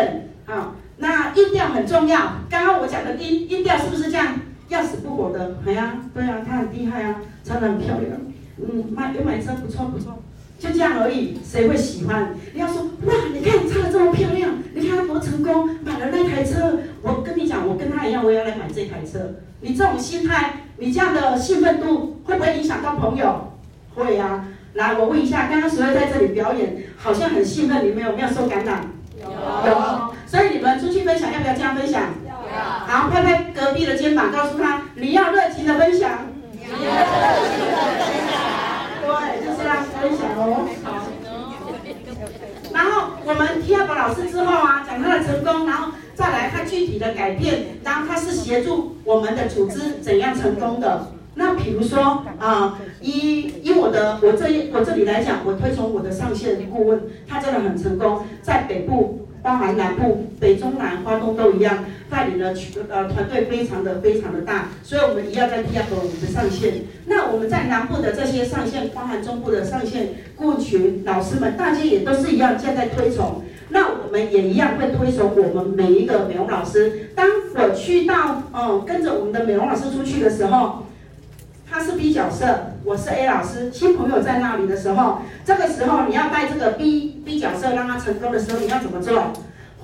啊、哦，那音調很重要。剛剛我講的音音調是不是這樣？要死不活的，很、哎、呀，對啊，他很厲害啊，唱的很漂亮。嗯，買有買車不錯不錯，就這樣而已，誰會喜歡？你要說，哇，你看你穿的這麼漂亮，你看他多成功，買了那台車。我跟你講，我跟他一樣，我也要來買這台車。你這種心態，你這樣的興奮度，會不會影響到朋友？會啊。來，我問一下，剛剛誰在這裡表演，好像很興奮，你們有沒有受感染？有，有。所以你們出去分享，要不要這樣分享？要。好，拍拍隔壁的肩膀，告訴他你要熱情的分享。嗯 <laughs> 大家分享哦，好。哦、然後我們 TUp 老師之後啊，講他的成功，然後再來他具體的改變，然後他是協助我們的組織怎樣成功的。那比如說啊，以以我的我這我這裡來講，我推崇我的上線的顧問，他真的很成功，在北部。包含南部、北中南、花東都一樣，帶領的群呃團隊非常的非常的大，所以我們一樣在提升我們的上線，那我們在南部的這些上線，包含中部的上線，顧群老師們大家也都是一樣，現在在推崇。那我們也一樣會推崇我們每一個美容老師。當我去到哦、呃、跟着我們的美容老師出去的時候，他是 B 角色，我是 A 老師。新朋友在那裡的時候，這個時候你要帶這個 B B 角色讓他成功的時候，你要怎麼做？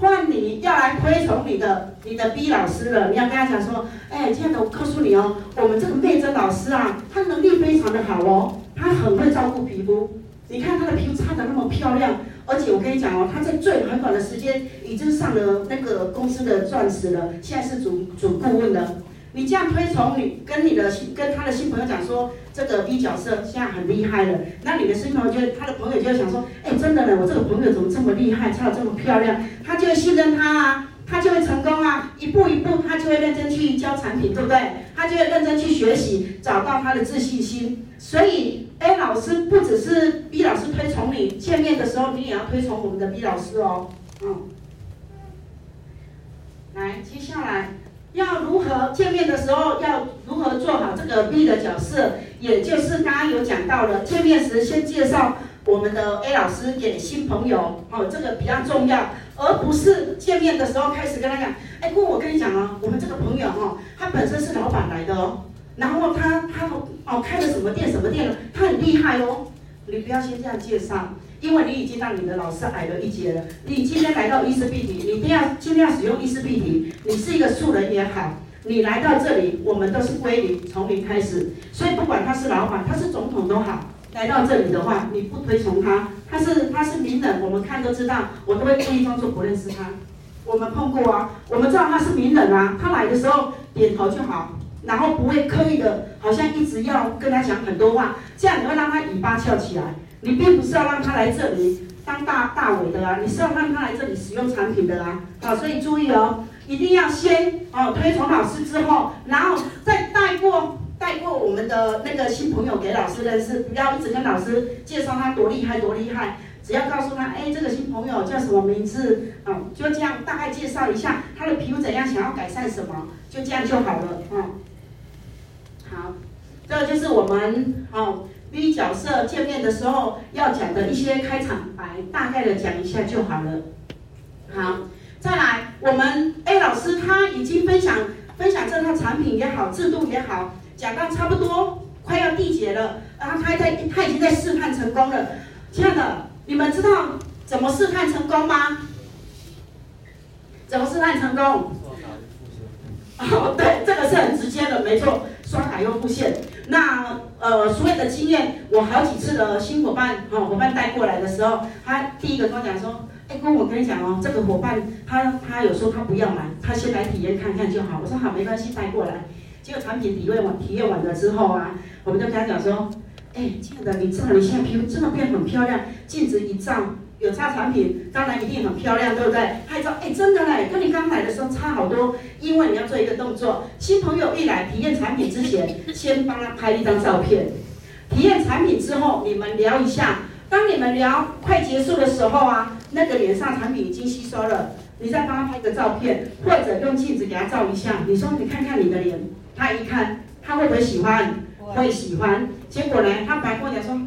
換你要來推崇你的你的 B 老師了。你要跟他講說：“哎，親愛的，我告訴你哦，我們這個媚珍老師啊，她能力非常的好哦，她很會照顧皮膚。你看她的皮膚擦得那麼漂亮，而且我跟你講哦，她在最很短的時間已經上了那個公司的鑽石了，現在是主主顧問了。”你這樣推崇你跟你的跟他的新朋友講說，這個 B 角色現在很厲害了。那你的新朋友就他的朋友就會想說，哎，真的呢，我這個朋友怎麼這麼厲害，穿的這麼漂亮，他就會信任他啊，他就會成功啊，一步一步他就會認真去教產品，對不對？他就會認真去學習，找到他的自信心。所以 A 老師不只是 B 老師推崇你，見面的時候你也要推崇我們的 B 老師哦，嗯。來，接下來。要如何見面的時候，要如何做好這個 B 的角色，也就是剛剛有講到了，見面時先介紹我們的 A 老師給新朋友，哦，這個比較重要，而不是見面的時候開始跟他講，哎，不過我跟你講哦、啊，我們這個朋友哦、啊，他本身是老闆來的哦，然後他他哦開了什麼店什麼店了，他很厲害哦，你不要先這樣介紹。因為你已經讓你的老師矮了一截了。你今天來到醫師必體，你一定要盡量使用醫師必體。你是一個素人也好，你來到這裡，我們都是歸零，從零開始。所以不管他是老板，他是總統都好，來到這裡的話，你不推崇他，他是他是名人，我們看都知道，我都會故意裝作不認識他。我們碰過啊，我們知道他是名人啊，他來的時候點頭就好，然後不會刻意的，好像一直要跟他講很多話，這樣你會讓他尾巴翹起來。你並不是要讓他來這裡當大大偉的啦、啊，你是要讓他來這裡使用產品的啦、啊。好，所以注意哦，一定要先哦推崇老師之後，然後再帶過帶過我們的那個新朋友給老師認識，不要一直跟老師介紹他多厲害多厲害，只要告訴他，哎，這個新朋友叫什麼名字，哦、就這樣大概介紹一下他的皮膚怎樣，想要改善什麼，就這樣就好了，啊、哦、好，這個、就是我們哦。B 角色見面的時候要講的一些開場白，大概的講一下就好了。好，再來，我們 A 老師他已經分享分享這套產品也好，制度也好，講到差不多快要締結了，然後他還在他已經在試探成功了，親愛的，你們知道怎麼試探成功嗎？怎麼試探成功？啊，對，這個是很直接的，沒錯。刷卡又復現，那呃，所有的經驗，我好幾次的新夥伴哈、哦，夥伴帶過來的時候，他第一個跟我講說，哎，跟我跟你講哦，這個夥伴他他有時候他不要買，他先來體驗看看就好。我說好，沒關係，帶過來。結果產品體驗完，體驗完了之後啊，我們就跟他講說，哎，親愛的，你知道，你現在皮膚真的變很漂亮，鏡子一照。有差，產品，當然一定很漂亮，對不對？拍照，哎、欸，真的嘞，跟你剛來的時候差好多。因為你要做一個動作，新朋友一來，體驗產品之前，先幫他拍一張照片。體驗產品之後，你們聊一下。當你們聊快結束的時候啊，那個臉上產品已經吸收了，你再幫他拍個照片，或者用鏡子給他照一下。你說你看看你的臉，他一看，他會不會喜歡？會喜歡。結果呢，他反過來說。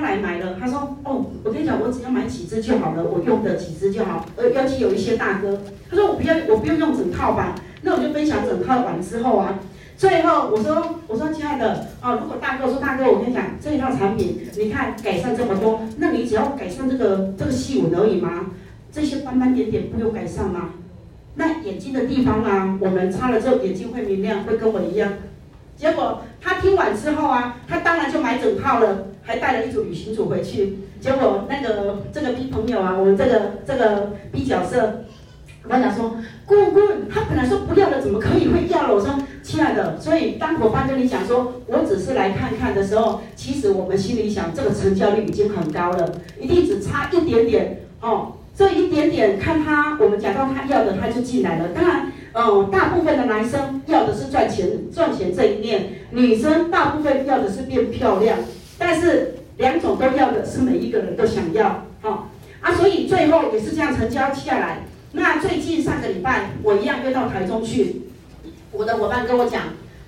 他來買了，他說：“哦，我跟你講，我只要買幾支就好了，我用的幾支就好。呃，尤其有一些大哥，他說我不要，我不用用整套吧。那我就分享整套版之後啊，最後我說我說親愛的啊、哦，如果大哥說大哥，我跟你講這一套產品，你看改善這麼多，那你只要改善這個這個細紋而已嘛？這些斑斑點點不用改善嗎？那眼睛的地方啊，我們擦了之後眼睛會明亮，會跟我一樣。結果他聽完之後啊，他當然就買整套了。”還帶了一組旅行組回去，結果那個這個 B 朋友啊，我們這個這個 B 角色，我們想說，顧問，他本來說不要的，怎麼可以會要了？我說，親愛的，所以當夥伴跟你講說，我只是來看看的時候，其實我們心裡想，這個成交率已經很高了，一定只差一點點哦，這一點點看他，我們講到他要的，他就進來了。當然，嗯、呃，大部分的男生要的是賺錢，賺錢這一面，女生大部分要的是變漂亮。但是兩種都要的是每一個人都想要，好、哦、啊，所以最後也是這樣成交。接下來。那最近上個禮拜我一樣約到台中去，我的夥伴跟我講，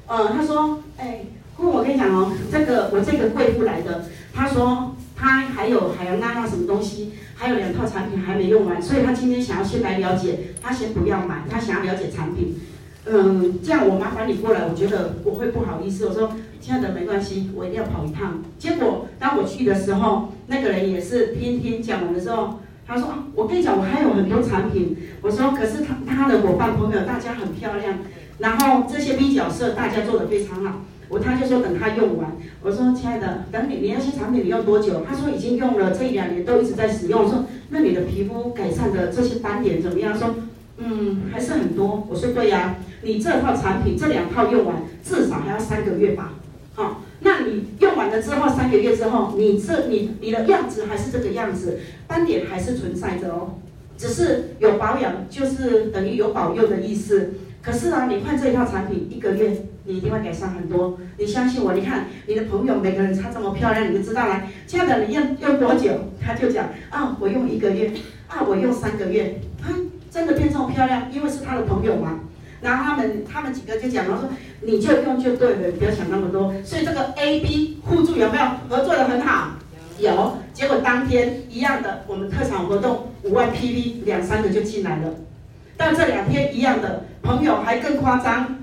呃，他說，哎、欸，跟我跟你講哦，這個我這個貴婦來的，他說他還有還要那套什麼東西，還有兩套產品還沒用完，所以他今天想要先來了解，他先不要買，他想要了解產品。嗯，這樣我麻煩你過來，我覺得我會不好意思。我說，親愛的，沒關係，我一定要跑一趟。結果當我去的時候，那個人也是天天講完的時候，他說，啊、我跟你講，我還有很多產品。我說，可是他他的夥伴朋友大家很漂亮，然後這些 B 角色大家做得非常好。我他就說等他用完。我說，親愛的，等你你那些產品你用多久？他說已經用了這一兩年都一直在使用。說，那你的皮膚改善的這些斑點怎麼樣？說，嗯，還是很多。我說，對、啊，對呀。你這套產品這兩套用完至少還要三個月吧？好、哦，那你用完了之後三個月之後，你這你你的樣子還是這個樣子，斑點還是存在着哦，只是有保養就是等於有保佑的意思。可是啊，你換這一套產品一個月，你一定會改善很多。你相信我，你看你的朋友每個人擦這麼漂亮，你就知道了。這樣的要用，用多久？他就講啊、哦，我用一個月，啊、哦，我用三個月，哼、嗯，真的變這麼漂亮，因為是他的朋友嘛。然後他們他們幾個就講，然後說你就用就對了，不要想那麼多。所以這個 A B 互助有沒有合作得很好？有,有。結果當天一樣的，我們特產活動五萬 PV 兩三個就進來了。但這兩天一樣的，朋友還更誇張。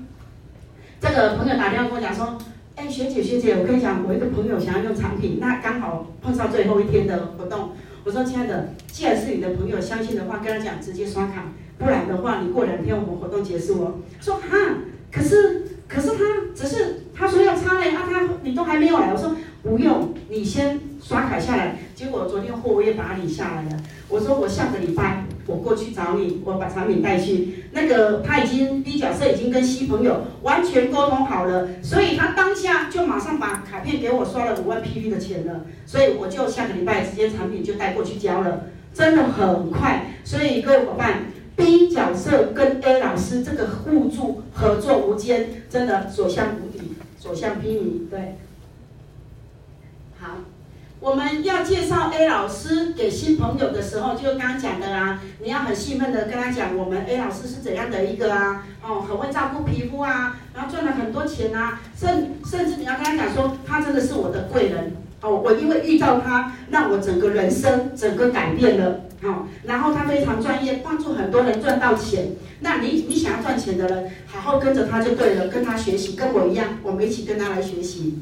這個朋友打電話跟我講說：“哎、欸，學姐學姐，我跟你講，我一個朋友想要用產品，那剛好碰上最後一天的活動。”我說：“親愛的，既然是你的朋友相信的話，跟他講直接刷卡。”不然的話，你過兩天我們活動結束哦。說哈、啊，可是可是他只是他說要差嘞啊，他你都還沒有來。我說不用，你先刷卡下來。結果昨天貨我也打理下來了。我說我下個禮拜我過去找你，我把產品帶去。那個他已經 B 角色已經跟新朋友完全溝通好了，所以他當下就馬上把卡片給我刷了五萬 PV 的錢了。所以我就下個禮拜直接產品就帶過去交了，真的很快。所以各位夥伴。B 角色跟 A 老師這個互助合作無間，真的所向無敵，所向披靡。對，好，我們要介紹 A 老師給新朋友的時候，就剛剛講的啦、啊，你要很興奮的跟他講，我們 A 老師是怎樣的一個啊？哦，很會照顧皮膚啊，然後賺了很多錢啊，甚甚至你要跟他講說，他真的是我的貴人哦，我因為遇到他，讓我整個人生整個改變了。好、哦，然後他非常專業，幫助很多人賺到錢。那你你想要賺錢的人，好好跟着他就對了，跟他學習，跟我一樣，我們一起跟他來學習。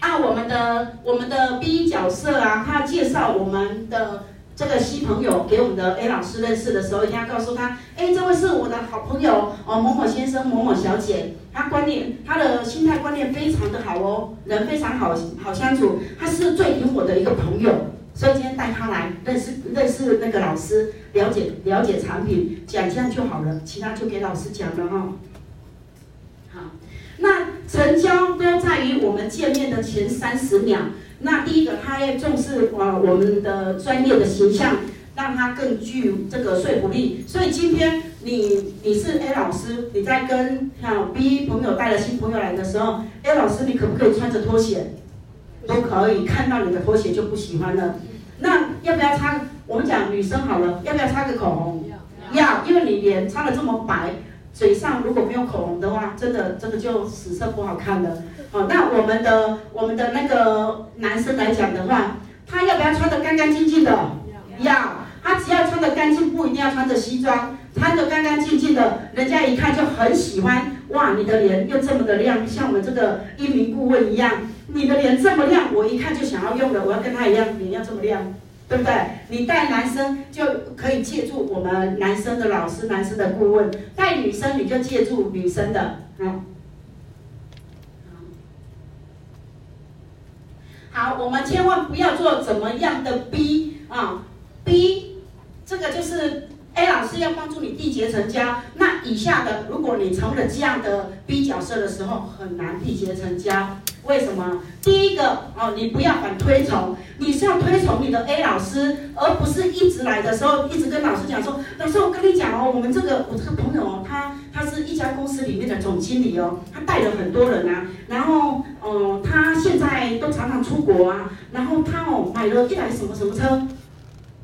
啊，我們的我們的 B 角色啊，他介紹我們的這個 C 朋友給我們的 A 老師認識的時候，一定要告訴他：哎，這位是我的好朋友哦，某某先生某某小姐，他觀念他的心態觀念非常的好哦，人非常好好相處，他是最懂我的一個朋友。所以今天帶他來認識認識那個老師，了解了解產品，講這樣就好了，其他就給老師講了哈、哦。好，那成交都在於我們見面的前三十秒。那第一個，他要重視啊、呃、我們的專業的形象，讓他更具這個說服力。所以今天你你是 A 老師，你在跟啊 B 朋友帶了新朋友來的時候，A 老師你可不可以穿着拖鞋？都可以，看到你的拖鞋就不喜歡了。那要不要擦？我們講女生好了，要不要擦個口紅？要，Yeah, yeah. yeah, 因為你臉擦的這麼白，嘴上如果沒有口紅的話，真的真的就失色不好看了。好、哦，那我們的我們的那個男生來講的話，他要不要穿的乾乾淨淨的？要，Yeah, yeah. yeah, 他只要穿的乾淨，不一定要穿着西裝，穿的乾乾淨淨的，人家一看就很喜歡。哇，你的臉又這麼的亮，像我們這個一名顧問一樣。你的臉這麼亮，我一看就想要用的，我要跟他一樣臉要這麼亮，對不對？你帶男生就可以借助我們男生的老師、男生的顧問；帶女生你就借助女生的。嗯，好，我們千萬不要做怎麼樣的 B 啊，嗯，B 這個就是 A 老師要幫助你締結成交，那以下的，如果你成了這樣的 B 角色的時候，很難締結成交。為什麼？第一個哦，你不要反推崇，你是要推崇你的 A 老師，而不是一直來的時候一直跟老師講說，老師我跟你講哦，我們這個我這個朋友哦，他他是一家公司裡面的總經理哦，他帶了很多人啊，然後哦，他現在都常常出國啊，然後他哦買了一台什麼什麼車，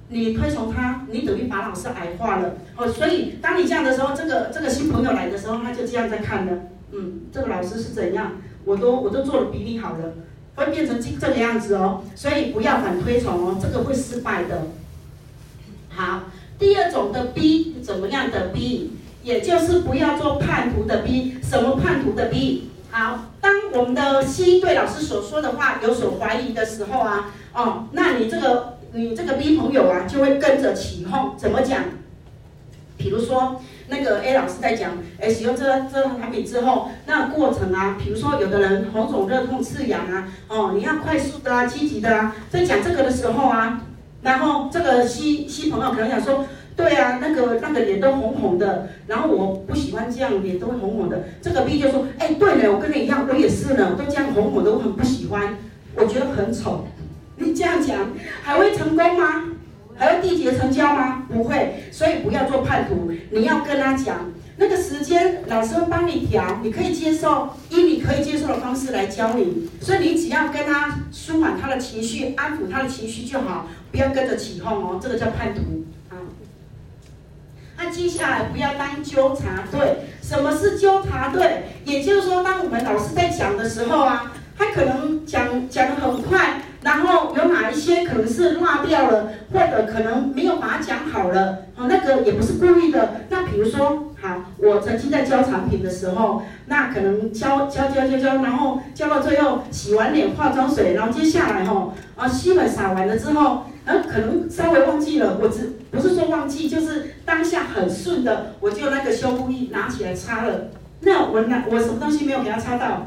你推崇他，你等於把老師矮化了哦，所以當你這樣的時候，這個這個新朋友來的時候，他就這樣在看的，嗯，這個老師是怎樣？我都我都做的比你好了，會變成這個樣子哦，所以不要反推崇哦，這個會失敗的。好，第二種的 B 怎麼樣的 B，也就是不要做叛徒的 B，什麼叛徒的 B？好，當我們的 C 對老師所說的話有所懷疑的時候啊，哦、嗯，那你這個你這個 B 朋友啊，就會跟着起哄，怎麼講？比如說。那個 A 老師在講，哎，使用這這種產品之後，那過程啊，比如說有的人紅腫熱痛刺癢啊，哦，你要快速的啊，積極的啊，在講這個的時候啊，然後這個新新朋友可能想說，對啊，那個那個臉都紅紅的，然後我不喜歡這樣，臉都會紅紅的。這個 B 就說，哎，對呢，我跟你一樣，我也是呢，我都這樣紅紅的，我很不喜歡，我覺得很醜。你這樣講還會成功嗎？還有締結成交嗎？不會，所以不要做叛徒。你要跟他講，那個時間老師會幫你調，你可以接受，以你可以接受的方式來教你。所以你只要跟他舒緩他的情緒，安撫他的情緒就好，不要跟着起哄哦。這個叫叛徒。啊。那、啊、接下來不要當糾察隊。什麼是糾察隊？也就是說，當我們老師在講的時候啊，他可能講講的很快。然後有哪一些可能是落掉了，或者可能沒有把它講好了，哦，那個也不是故意的。那比如說，哈我曾經在教產品的時候，那可能教教教教教，然後教到最後，洗完臉化妝水，然後接下來哈，啊，吸粉撒完了之後，呃可能稍微忘記了，我只不是說忘記，就是當下很順的，我就用那個修復液拿起來擦了。那我拿，我什麼東西沒有給他擦到？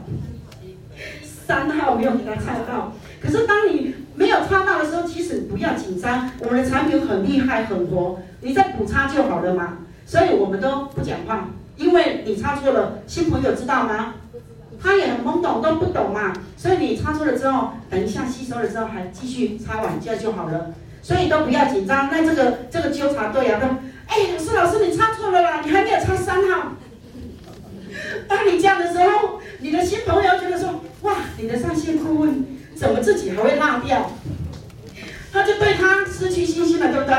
三號沒有給他擦到。可是當你沒有擦到的時候，其實不要緊張，我們的產品很厲害很活，你再補擦就好了嘛。所以我們都不講話，因為你擦錯了，新朋友知道嗎？他也很懵懂，都不懂嘛。所以你擦錯了之後，等一下吸收了之後，還繼續擦完就就好了。所以都不要緊張。那這個這個糾察隊啊，他說：“哎，老師老師，你擦錯了啦，你還沒有擦三號。” <laughs> 當你這樣的時候，你的新朋友覺得說：“哇，你的上線顧問。”怎麼自己還會落掉？他就對他失去信心，心了，對不對？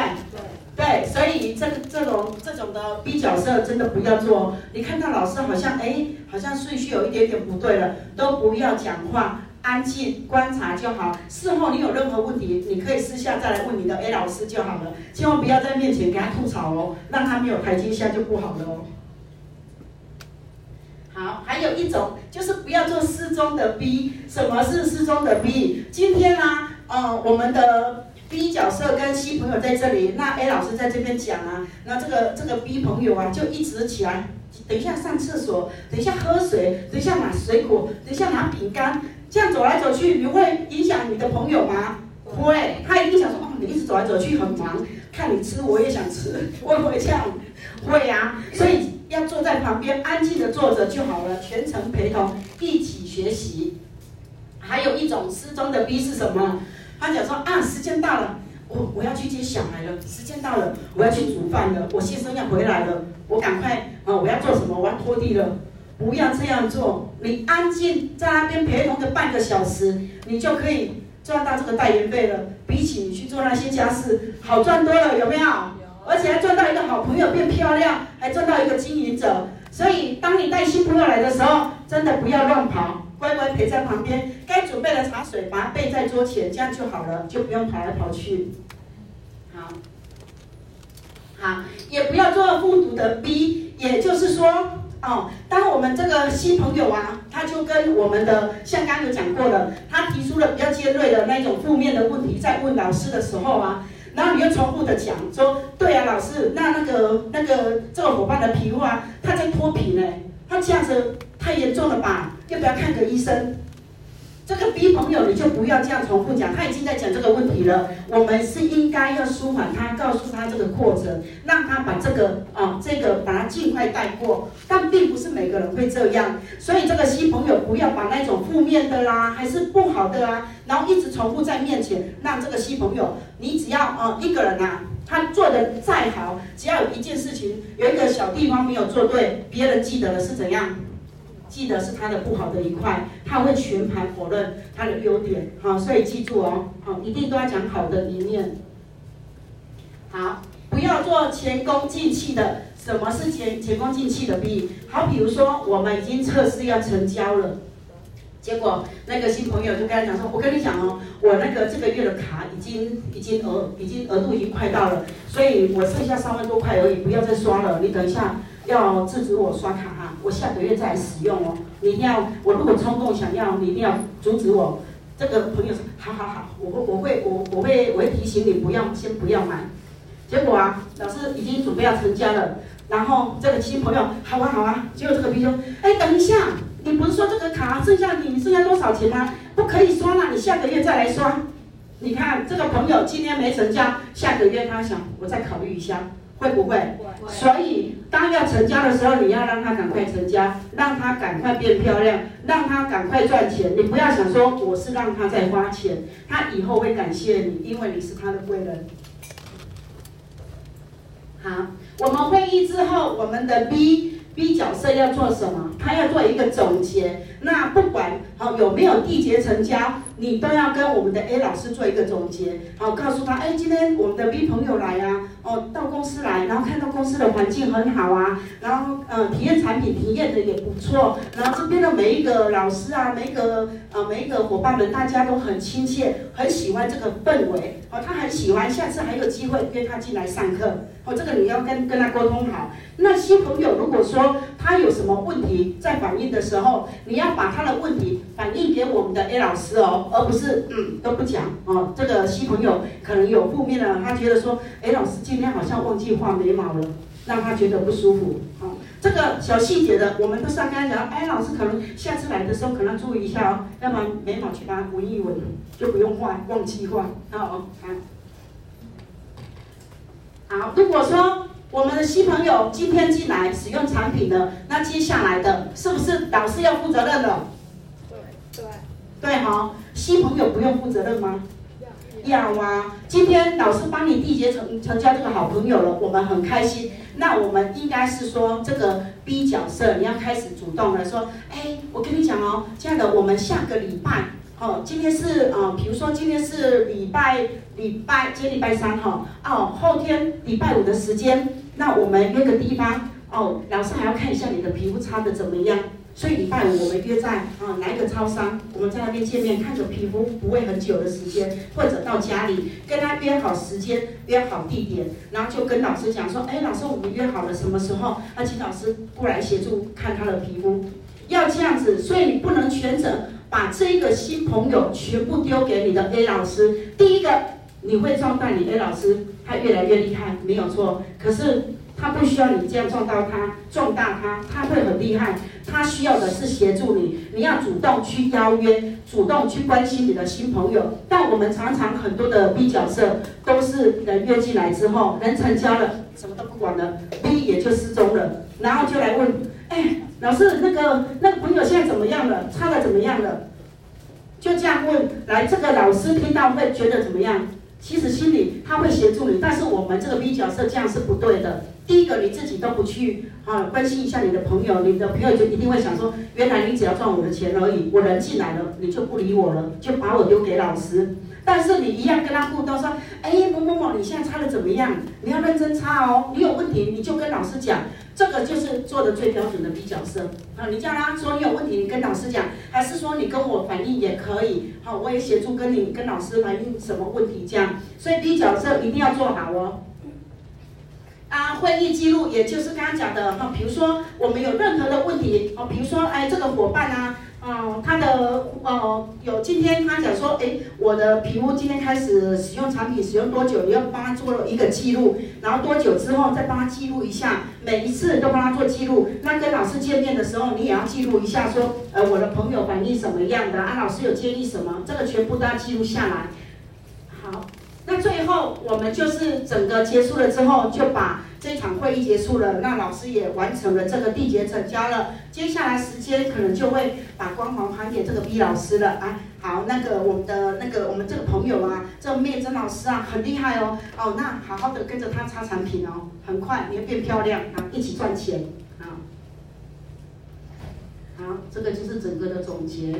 對，所以這這種這種的 B 角色真的不要做哦。你看到老師好像哎，好像順序有一點點不對了，都不要講話，安靜觀察就好。事後你有任何問題，你可以私下再來問你的 A 老師就好了，千萬不要在面前給他吐槽哦，讓他沒有台階下就不好了哦。好，還有一種就是不要做失蹤的 B。什麼是失蹤的 B？今天呢、啊，呃，我們的 B 角色跟 C 朋友在這裡，那 A 老師在這邊講啊，那這個這個 B 朋友啊，就一直起來，等一下上廁所，等一下喝水，等一下拿水果，等一下拿餅乾，這樣走來走去，你會影響你的朋友嗎？會，他一定想說，哦，你一直走來走去很忙，看你吃我也想吃，會不會這樣？會啊，所以。坐在旁邊安靜的坐着就好了，全程陪同一起學習。還有一種失蹤的 B 是什麼？他講說啊，時間到了，我我要去接小孩了。時間到了，我要去煮飯了。我先生要回來了，我趕快啊，我要做什麼？我要拖地了。不要這樣做，你安靜在那邊陪同個半個小時，你就可以賺到這個代言費了。比起你去做那些家事，好賺多了，有沒有？而且還賺到一個好朋友變漂亮，還賺到一個經營者。所以，當你帶新朋友來的時候，真的不要亂跑，乖乖陪在旁邊。該準備的茶水，把它備在桌前，這樣就好了，就不用跑來跑去。好，好，也不要做復讀的 B，也就是說，哦，當我們這個新朋友啊，他就跟我們的像剛剛有講過的，他提出了比較尖銳的那種負面的問題，在問老師的時候啊。然後你又重複的講說，對啊，老師，那那個那個這個夥伴的皮膚啊，他在脫皮呢，他這樣子太嚴重了吧？要不要看個醫生？這個 B 朋友你就不要這樣重複講，他已經在講這個問題了。我們是應該要舒緩他，告訴他這個過程，讓他把這個啊、呃、這個把它儘快帶過。但並不是每個人會這樣，所以這個 C 朋友不要把那種負面的啦，還是不好的啊，然後一直重複在面前，讓這個 C 朋友，你只要啊、呃、一個人啊，他做得再好，只要有一件事情有一個小地方沒有做對，別人記得了是怎樣。記得是他的不好的一塊，他會全盤否認他的優點，好、哦，所以記住哦，好、哦，一定都要講好的一面，好，不要做前功盡棄的。什麼是前前功盡棄的弊？好，比如說我們已經測試要成交了，結果那個新朋友就跟他講說：“我跟你講哦，我那個這個月的卡已經已經額已經額度已經快到了，所以我剩下三萬多塊而已，不要再刷了。你等一下。”要制止我刷卡啊，我下個月再來使用哦。你一定要，我如果衝動想要，你一定要阻止我。這個朋友，說，好好好，我會我會我我會我會，我會提醒你不要先不要買。結果啊，老師已經準備要成交了，然後這個親朋友，好啊好啊，結果這個逼就，哎等一下，你不是說這個卡剩下你，你剩下多少錢嗎？啊？不可以刷了，啊，你下個月再來刷。你看這個朋友今天沒成交，下個月他想我再考慮一下。會不會？所以，當要成交的時候，你要讓他趕快成交，讓他趕快變漂亮，讓他趕快賺錢。你不要想說我是讓他在花錢，他以後會感謝你，因為你是他的貴人。好，我們會議之後，我們的 B B 角色要做什麼？他要做一個總結。那不管好有沒有締結成交。你都要跟我們的 A 老師做一個總結，然後告訴他，哎，今天我們的 B 朋友來啊，哦，到公司來，然後看到公司的環境很好啊，然後嗯、呃，體驗產品體驗的也不錯，然後這邊的每一個老師啊，每一個、呃、每一個夥伴們，大家都很親切，很喜歡這個氛圍，哦，他很喜歡，下次還有機會約他進來上課，哦，這個你要跟跟他溝通好。那新朋友如果說他有什麼問題在反映的時候，你要把他的問題反映給我們的 A 老師哦。而不是嗯都不講哦，這個新朋友可能有負面的，他覺得說，哎，老師今天好像忘記畫眉毛了，讓他覺得不舒服。哦，這個小細節的，我們都是剛剛講哎，老師可能下次來的時候可能注意一下哦，要不然眉毛去把它紋一紋，就不用畫，忘記畫。那、哦、好、okay。好，如果說我們的新朋友今天進來使用產品了，那接下來的是不是老師要負責任了？對哈、哦，新朋友不用負責任嗎？Yeah, yeah. 要啊！今天老師幫你締結成成交這個好朋友了，我們很開心。那我們應該是說，這個 B 角色你要開始主動來說，哎，我跟你講哦，親愛的，我們下個禮拜，哦，今天是呃，比如說今天是禮拜禮拜今天禮拜三哈、哦，哦，後天禮拜五的時間，那我們約個地方，哦，老師還要看一下你的皮膚擦的怎麼樣。所以禮拜五我們約在啊哪個超商，我們在那邊見面，看着皮膚不會很久的時間，或者到家裡跟他約好時間，約好地點，然後就跟老師講說，哎，老師我們約好了什麼時候，那請老師過來協助看他的皮膚，要這樣子。所以你不能全程把這一個新朋友全部丟給你的 A 老師。第一個你會壯大你 A 老師，他越來越厲害，沒有錯，可是。他不需要你這樣壯大他，壯大他，他會很厲害。他需要的是協助你，你要主動去邀約，主動去關心你的新朋友。但我們常常很多的 B 角色都是人約進來之後，人成交了，什麼都不管了，B 也就失蹤了。然後就來問，哎，老師那個那個朋友現在怎麼樣了？差的怎麼樣了？就這樣問，來這個老師聽到會覺得怎麼樣？其實心裡他會協助你，但是我們這個 B 角色這樣是不對的。第一個，你自己都不去啊，關心一下你的朋友，你的朋友就一定會想說，原來你只要賺我的錢而已，我人進來了，你就不理我了，就把我丟給老師。但是你一樣跟他互動，說，哎、欸，某某某，你現在擦的怎麼樣？你要認真擦哦。你有問題，你就跟老師講。這個就是做的最標準的 B 角色啊。你叫他、啊、說，你有問題，你跟老師講，還是說你跟我反映也可以。好、啊，我也協助跟你，你跟老師反映什麼問題，這樣。所以 B 角色一定要做好哦。啊，會議記錄，也就是剛剛講的哈，比如說我們有任何的問題哦，比如說哎，這個夥伴啊，哦、啊，他的哦、啊，有今天他講說，哎，我的皮膚今天開始使用產品，使用多久，你要幫他做了一個記錄，然後多久之後再幫他記錄一下，每一次都幫他做記錄。那跟老師見面的時候，你也要記錄一下，說，呃，我的朋友反應什麼樣的，啊，老師有建議什麼，這個全部都要記錄下來。那最後我們就是整個結束了之後，就把這場會議結束了。那老師也完成了這個締結成交了。接下來時間可能就會把光環還給這個 B 老師了啊。好，那個我們的那個我們這個朋友啊，這個面真老師啊，很厲害哦。哦，那好好的跟着他擦產品哦，很快你會變漂亮啊，一起賺錢啊。好，這個就是整個的總結。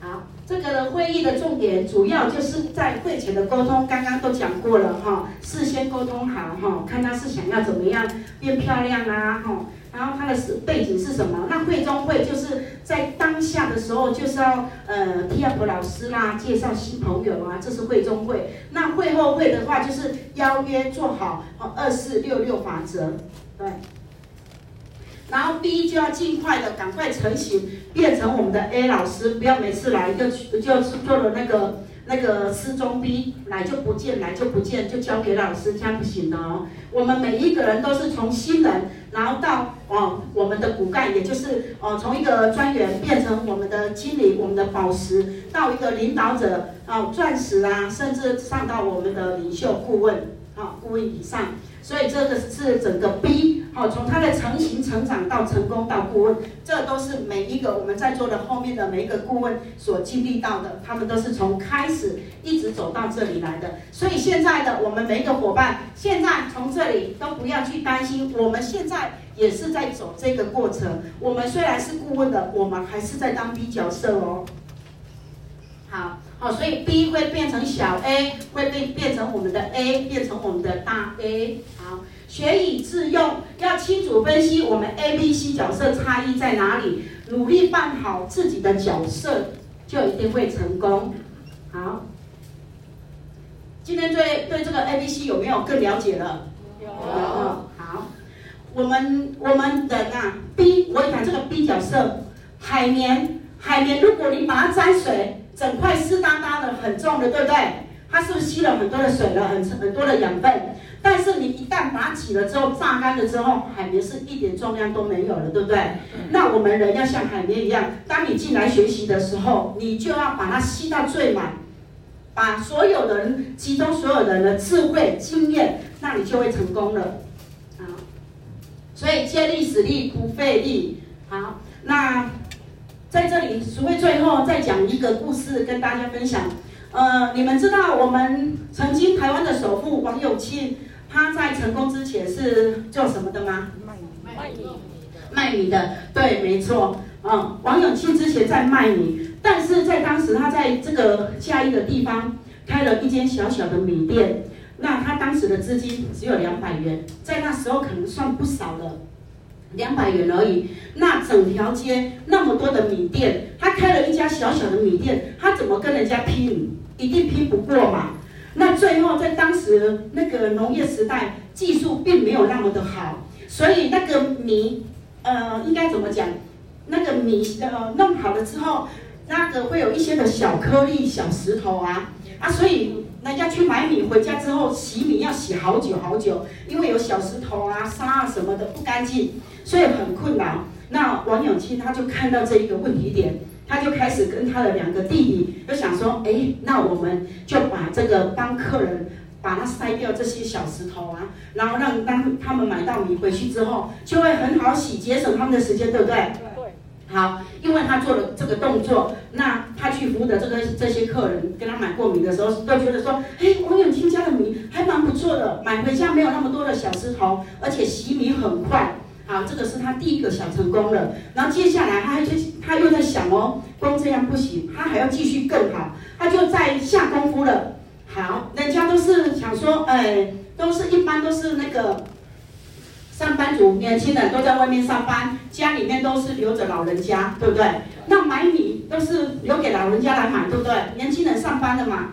好。這個會議的重點主要就是在會前的溝通，剛剛都講過了哈、哦，事先溝通好哈、哦，看他是想要怎麼樣變漂亮啊哈、哦，然後他的背景是什麼？那會中會就是在當下的時候就是要呃 TUP 老師啦、啊，介紹新朋友啊，這是會中會。那會後會的話就是邀約做好二四六六法則，對。然後 B 就要盡快的趕快成型，變成我們的 A 老師，不要每次來就就做了那個那個失蹤 B 來就不見，來就不見，就交給老師，這樣不行的哦。我們每一個人都是從新人，然後到哦我們的骨幹，也就是哦從一個專員變成我們的經理、我們的寶石，到一個領導者啊、哦、鑽石啊，甚至上到我們的領袖顧問啊、哦、顧問以上。所以這個是整個 B，好，從他的成型、成長到成功到顧問，這都是每一個我們在座的後面的每一個顧問所經歷到的，他們都是從開始一直走到這裡來的。所以現在的我們每一個夥伴，現在從這裡都不要去擔心，我們現在也是在走這個過程。我們雖然是顧問的，我們還是在當 B 角色哦。好。好，所以 B 會變成小 A，會被變成我們的 A，變成我們的大 A。好，學以致用，要清楚分析我們 A B C 角色差異在哪裡，努力辦好自己的角色，就一定會成功。好，今天對對這個 A B C 有沒有更了解了？有、哦。好，我們我們的啊，B 我也看這個 B 角色，海綿，海綿，如果你把它沾水。整塊濕噠噠的，很重的，對不對？它是不是吸了很多的水了，很很多的養分？但是你一旦把它擠了之後，榨乾了之後，海綿是一點重量都沒有了，對不對？對，那我們人要像海綿一樣，當你進來學習的時候，你就要把它吸到最滿，把所有的人，集中所有人的智慧、經驗，那你就會成功了。啊，所以借力使力不費力。好，那。在這裡，淑惠最後再講一個故事跟大家分享。呃，你們知道我們曾經台灣的首富王永慶，他在成功之前是做什麼的嗎？賣？賣米。賣米的，賣米的，對，沒錯。嗯、呃，王永慶之前在賣米，但是在當時他在這個下一個地方開了一間小小的米店。那他當時的資金只有兩百元，在那時候可能算不少了。兩百元而已，那整條街那麼多的米店，他開了一家小小的米店，他怎麼跟人家拼？一定拼不過嘛。那最後在當時那個農業時代，技術並沒有那麼的好，所以那個米，呃，應該怎麼講？那個米呃弄好了之後，那個會有一些個小顆粒、小石頭啊啊，所以。人家去買米回家之後洗米要洗好久好久，因為有小石頭啊、沙啊什麼的不乾淨，所以很困難。那王永慶他就看到這一個問題點，他就開始跟他的兩個弟弟就想說：哎，那我們就把這個幫客人把它篩掉這些小石頭啊，然後讓當他們買到米回去之後就會很好洗，節省他們的時間，對不對？好，因為他做了這個動作，那他去服務的這個這些客人跟他買過米的時候，都覺得說，嘿，王永慶家的米還蠻不錯的，買回家沒有那麼多的小石頭，而且洗米很快。好，這個是他第一個小成功了。然後接下來他還去，他又在想哦，光這樣不行，他還要繼續更好，他就在下功夫了。好，人家都是想說，哎，都是一般都是那個。上班族、年輕人都在外面上班，家裡面都是留着老人家，對不對？那買米都是留給老人家來買，對不對？年輕人上班了嘛。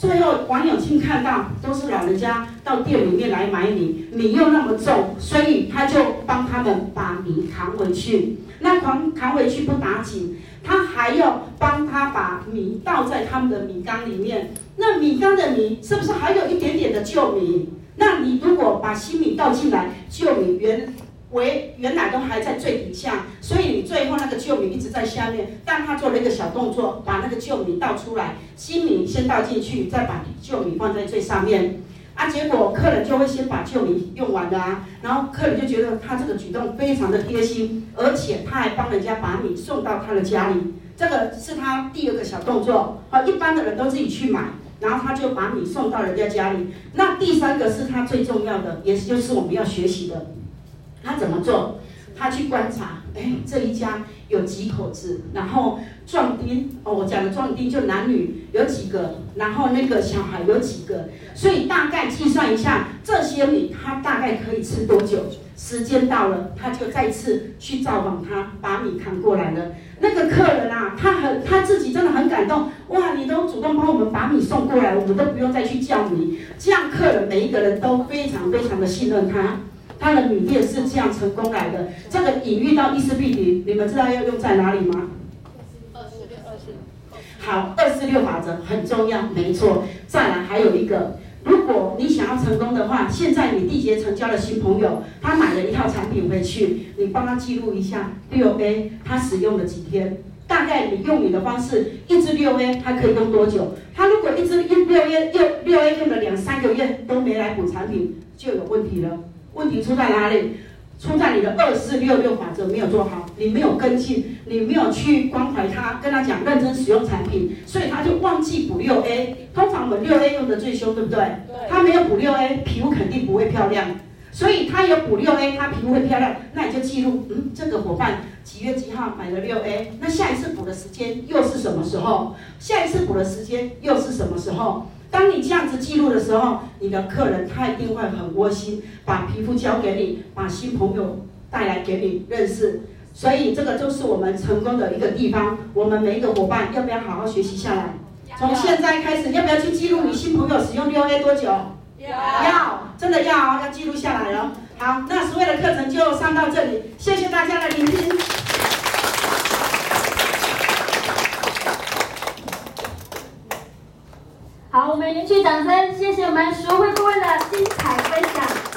最後王永慶看到都是老人家到店裡面來買米，米又那麼重，所以他就幫他們把米扛回去。那扛扛回去不打緊，他還要幫他把米倒在他們的米缸裡面。那米缸的米是不是還有一點點的舊米？那你如果把新米倒進來，舊米原為原來都還在最底下，所以你最後那個舊米一直在下面。但他做了一個小動作，把那個舊米倒出來，新米先倒進去，再把舊米放在最上面。啊，結果客人就會先把舊米用完的啊，然後客人就覺得他這個舉動非常的貼心，而且他還幫人家把米送到他的家裡，這個是他第二個小動作。啊，一般的人都自己去買。然後他就把米送到人家家裡。那第三個是他最重要的，也就是我們要學習的。他怎麼做？他去觀察，哎，這一家有幾口子，然後壯丁哦，我講的壯丁就男女有幾個，然後那個小孩有幾個，所以大概計算一下這些米他大概可以吃多久。時間到了，他就再次去造訪他，把米扛過來了。那個客人啊，他很他自己真的很感動哇！你都主動幫我們把米送過來，我們都不用再去叫你。這樣客人每一個人都非常非常的信任他，他的米店是這樣成功來的。嗯、這個隱喻到伊斯必迪，你們知道要用在哪裡嗎？好，二四六法則很重要，沒錯。再來還有一個。如果你想要成功的話，現在你締結成交了新朋友，他買了一套產品回去，你幫他記錄一下六 A，他使用了幾天？大概你用你的方式一支六 A，他可以用多久？他如果一支用六 A 用六 A 用了兩三個月都沒來補產品，就有問題了。問題出在哪裡？出在你的二四六六法則沒有做好，你沒有跟進，你沒有去關懷他，跟他講認真使用產品，所以他就忘記補六 A。通常我們六 A 用的最兇，對不對？他沒有補六 A，皮膚肯定不會漂亮。所以他有補六 A，他皮膚會漂亮。那你就記錄，嗯，這個夥伴幾月幾號買了六 A，那下一次補的時間又是什麼時候？下一次補的時間又是什麼時候？當你這樣子記錄的時候，你的客人他一定會很窩心，把皮膚交給你，把新朋友帶來給你認識，所以這個就是我們成功的一個地方。我們每一個伙伴要不要好好學習下來？從現在開始要不要去記錄你新朋友使用六 A 多久？要。Yeah. 要，真的要要記錄下來了。好，那所有的課程就上到這裡，謝謝大家的聆聽。好，我們一起掌聲，謝謝我們淑惠顧問的精彩分享。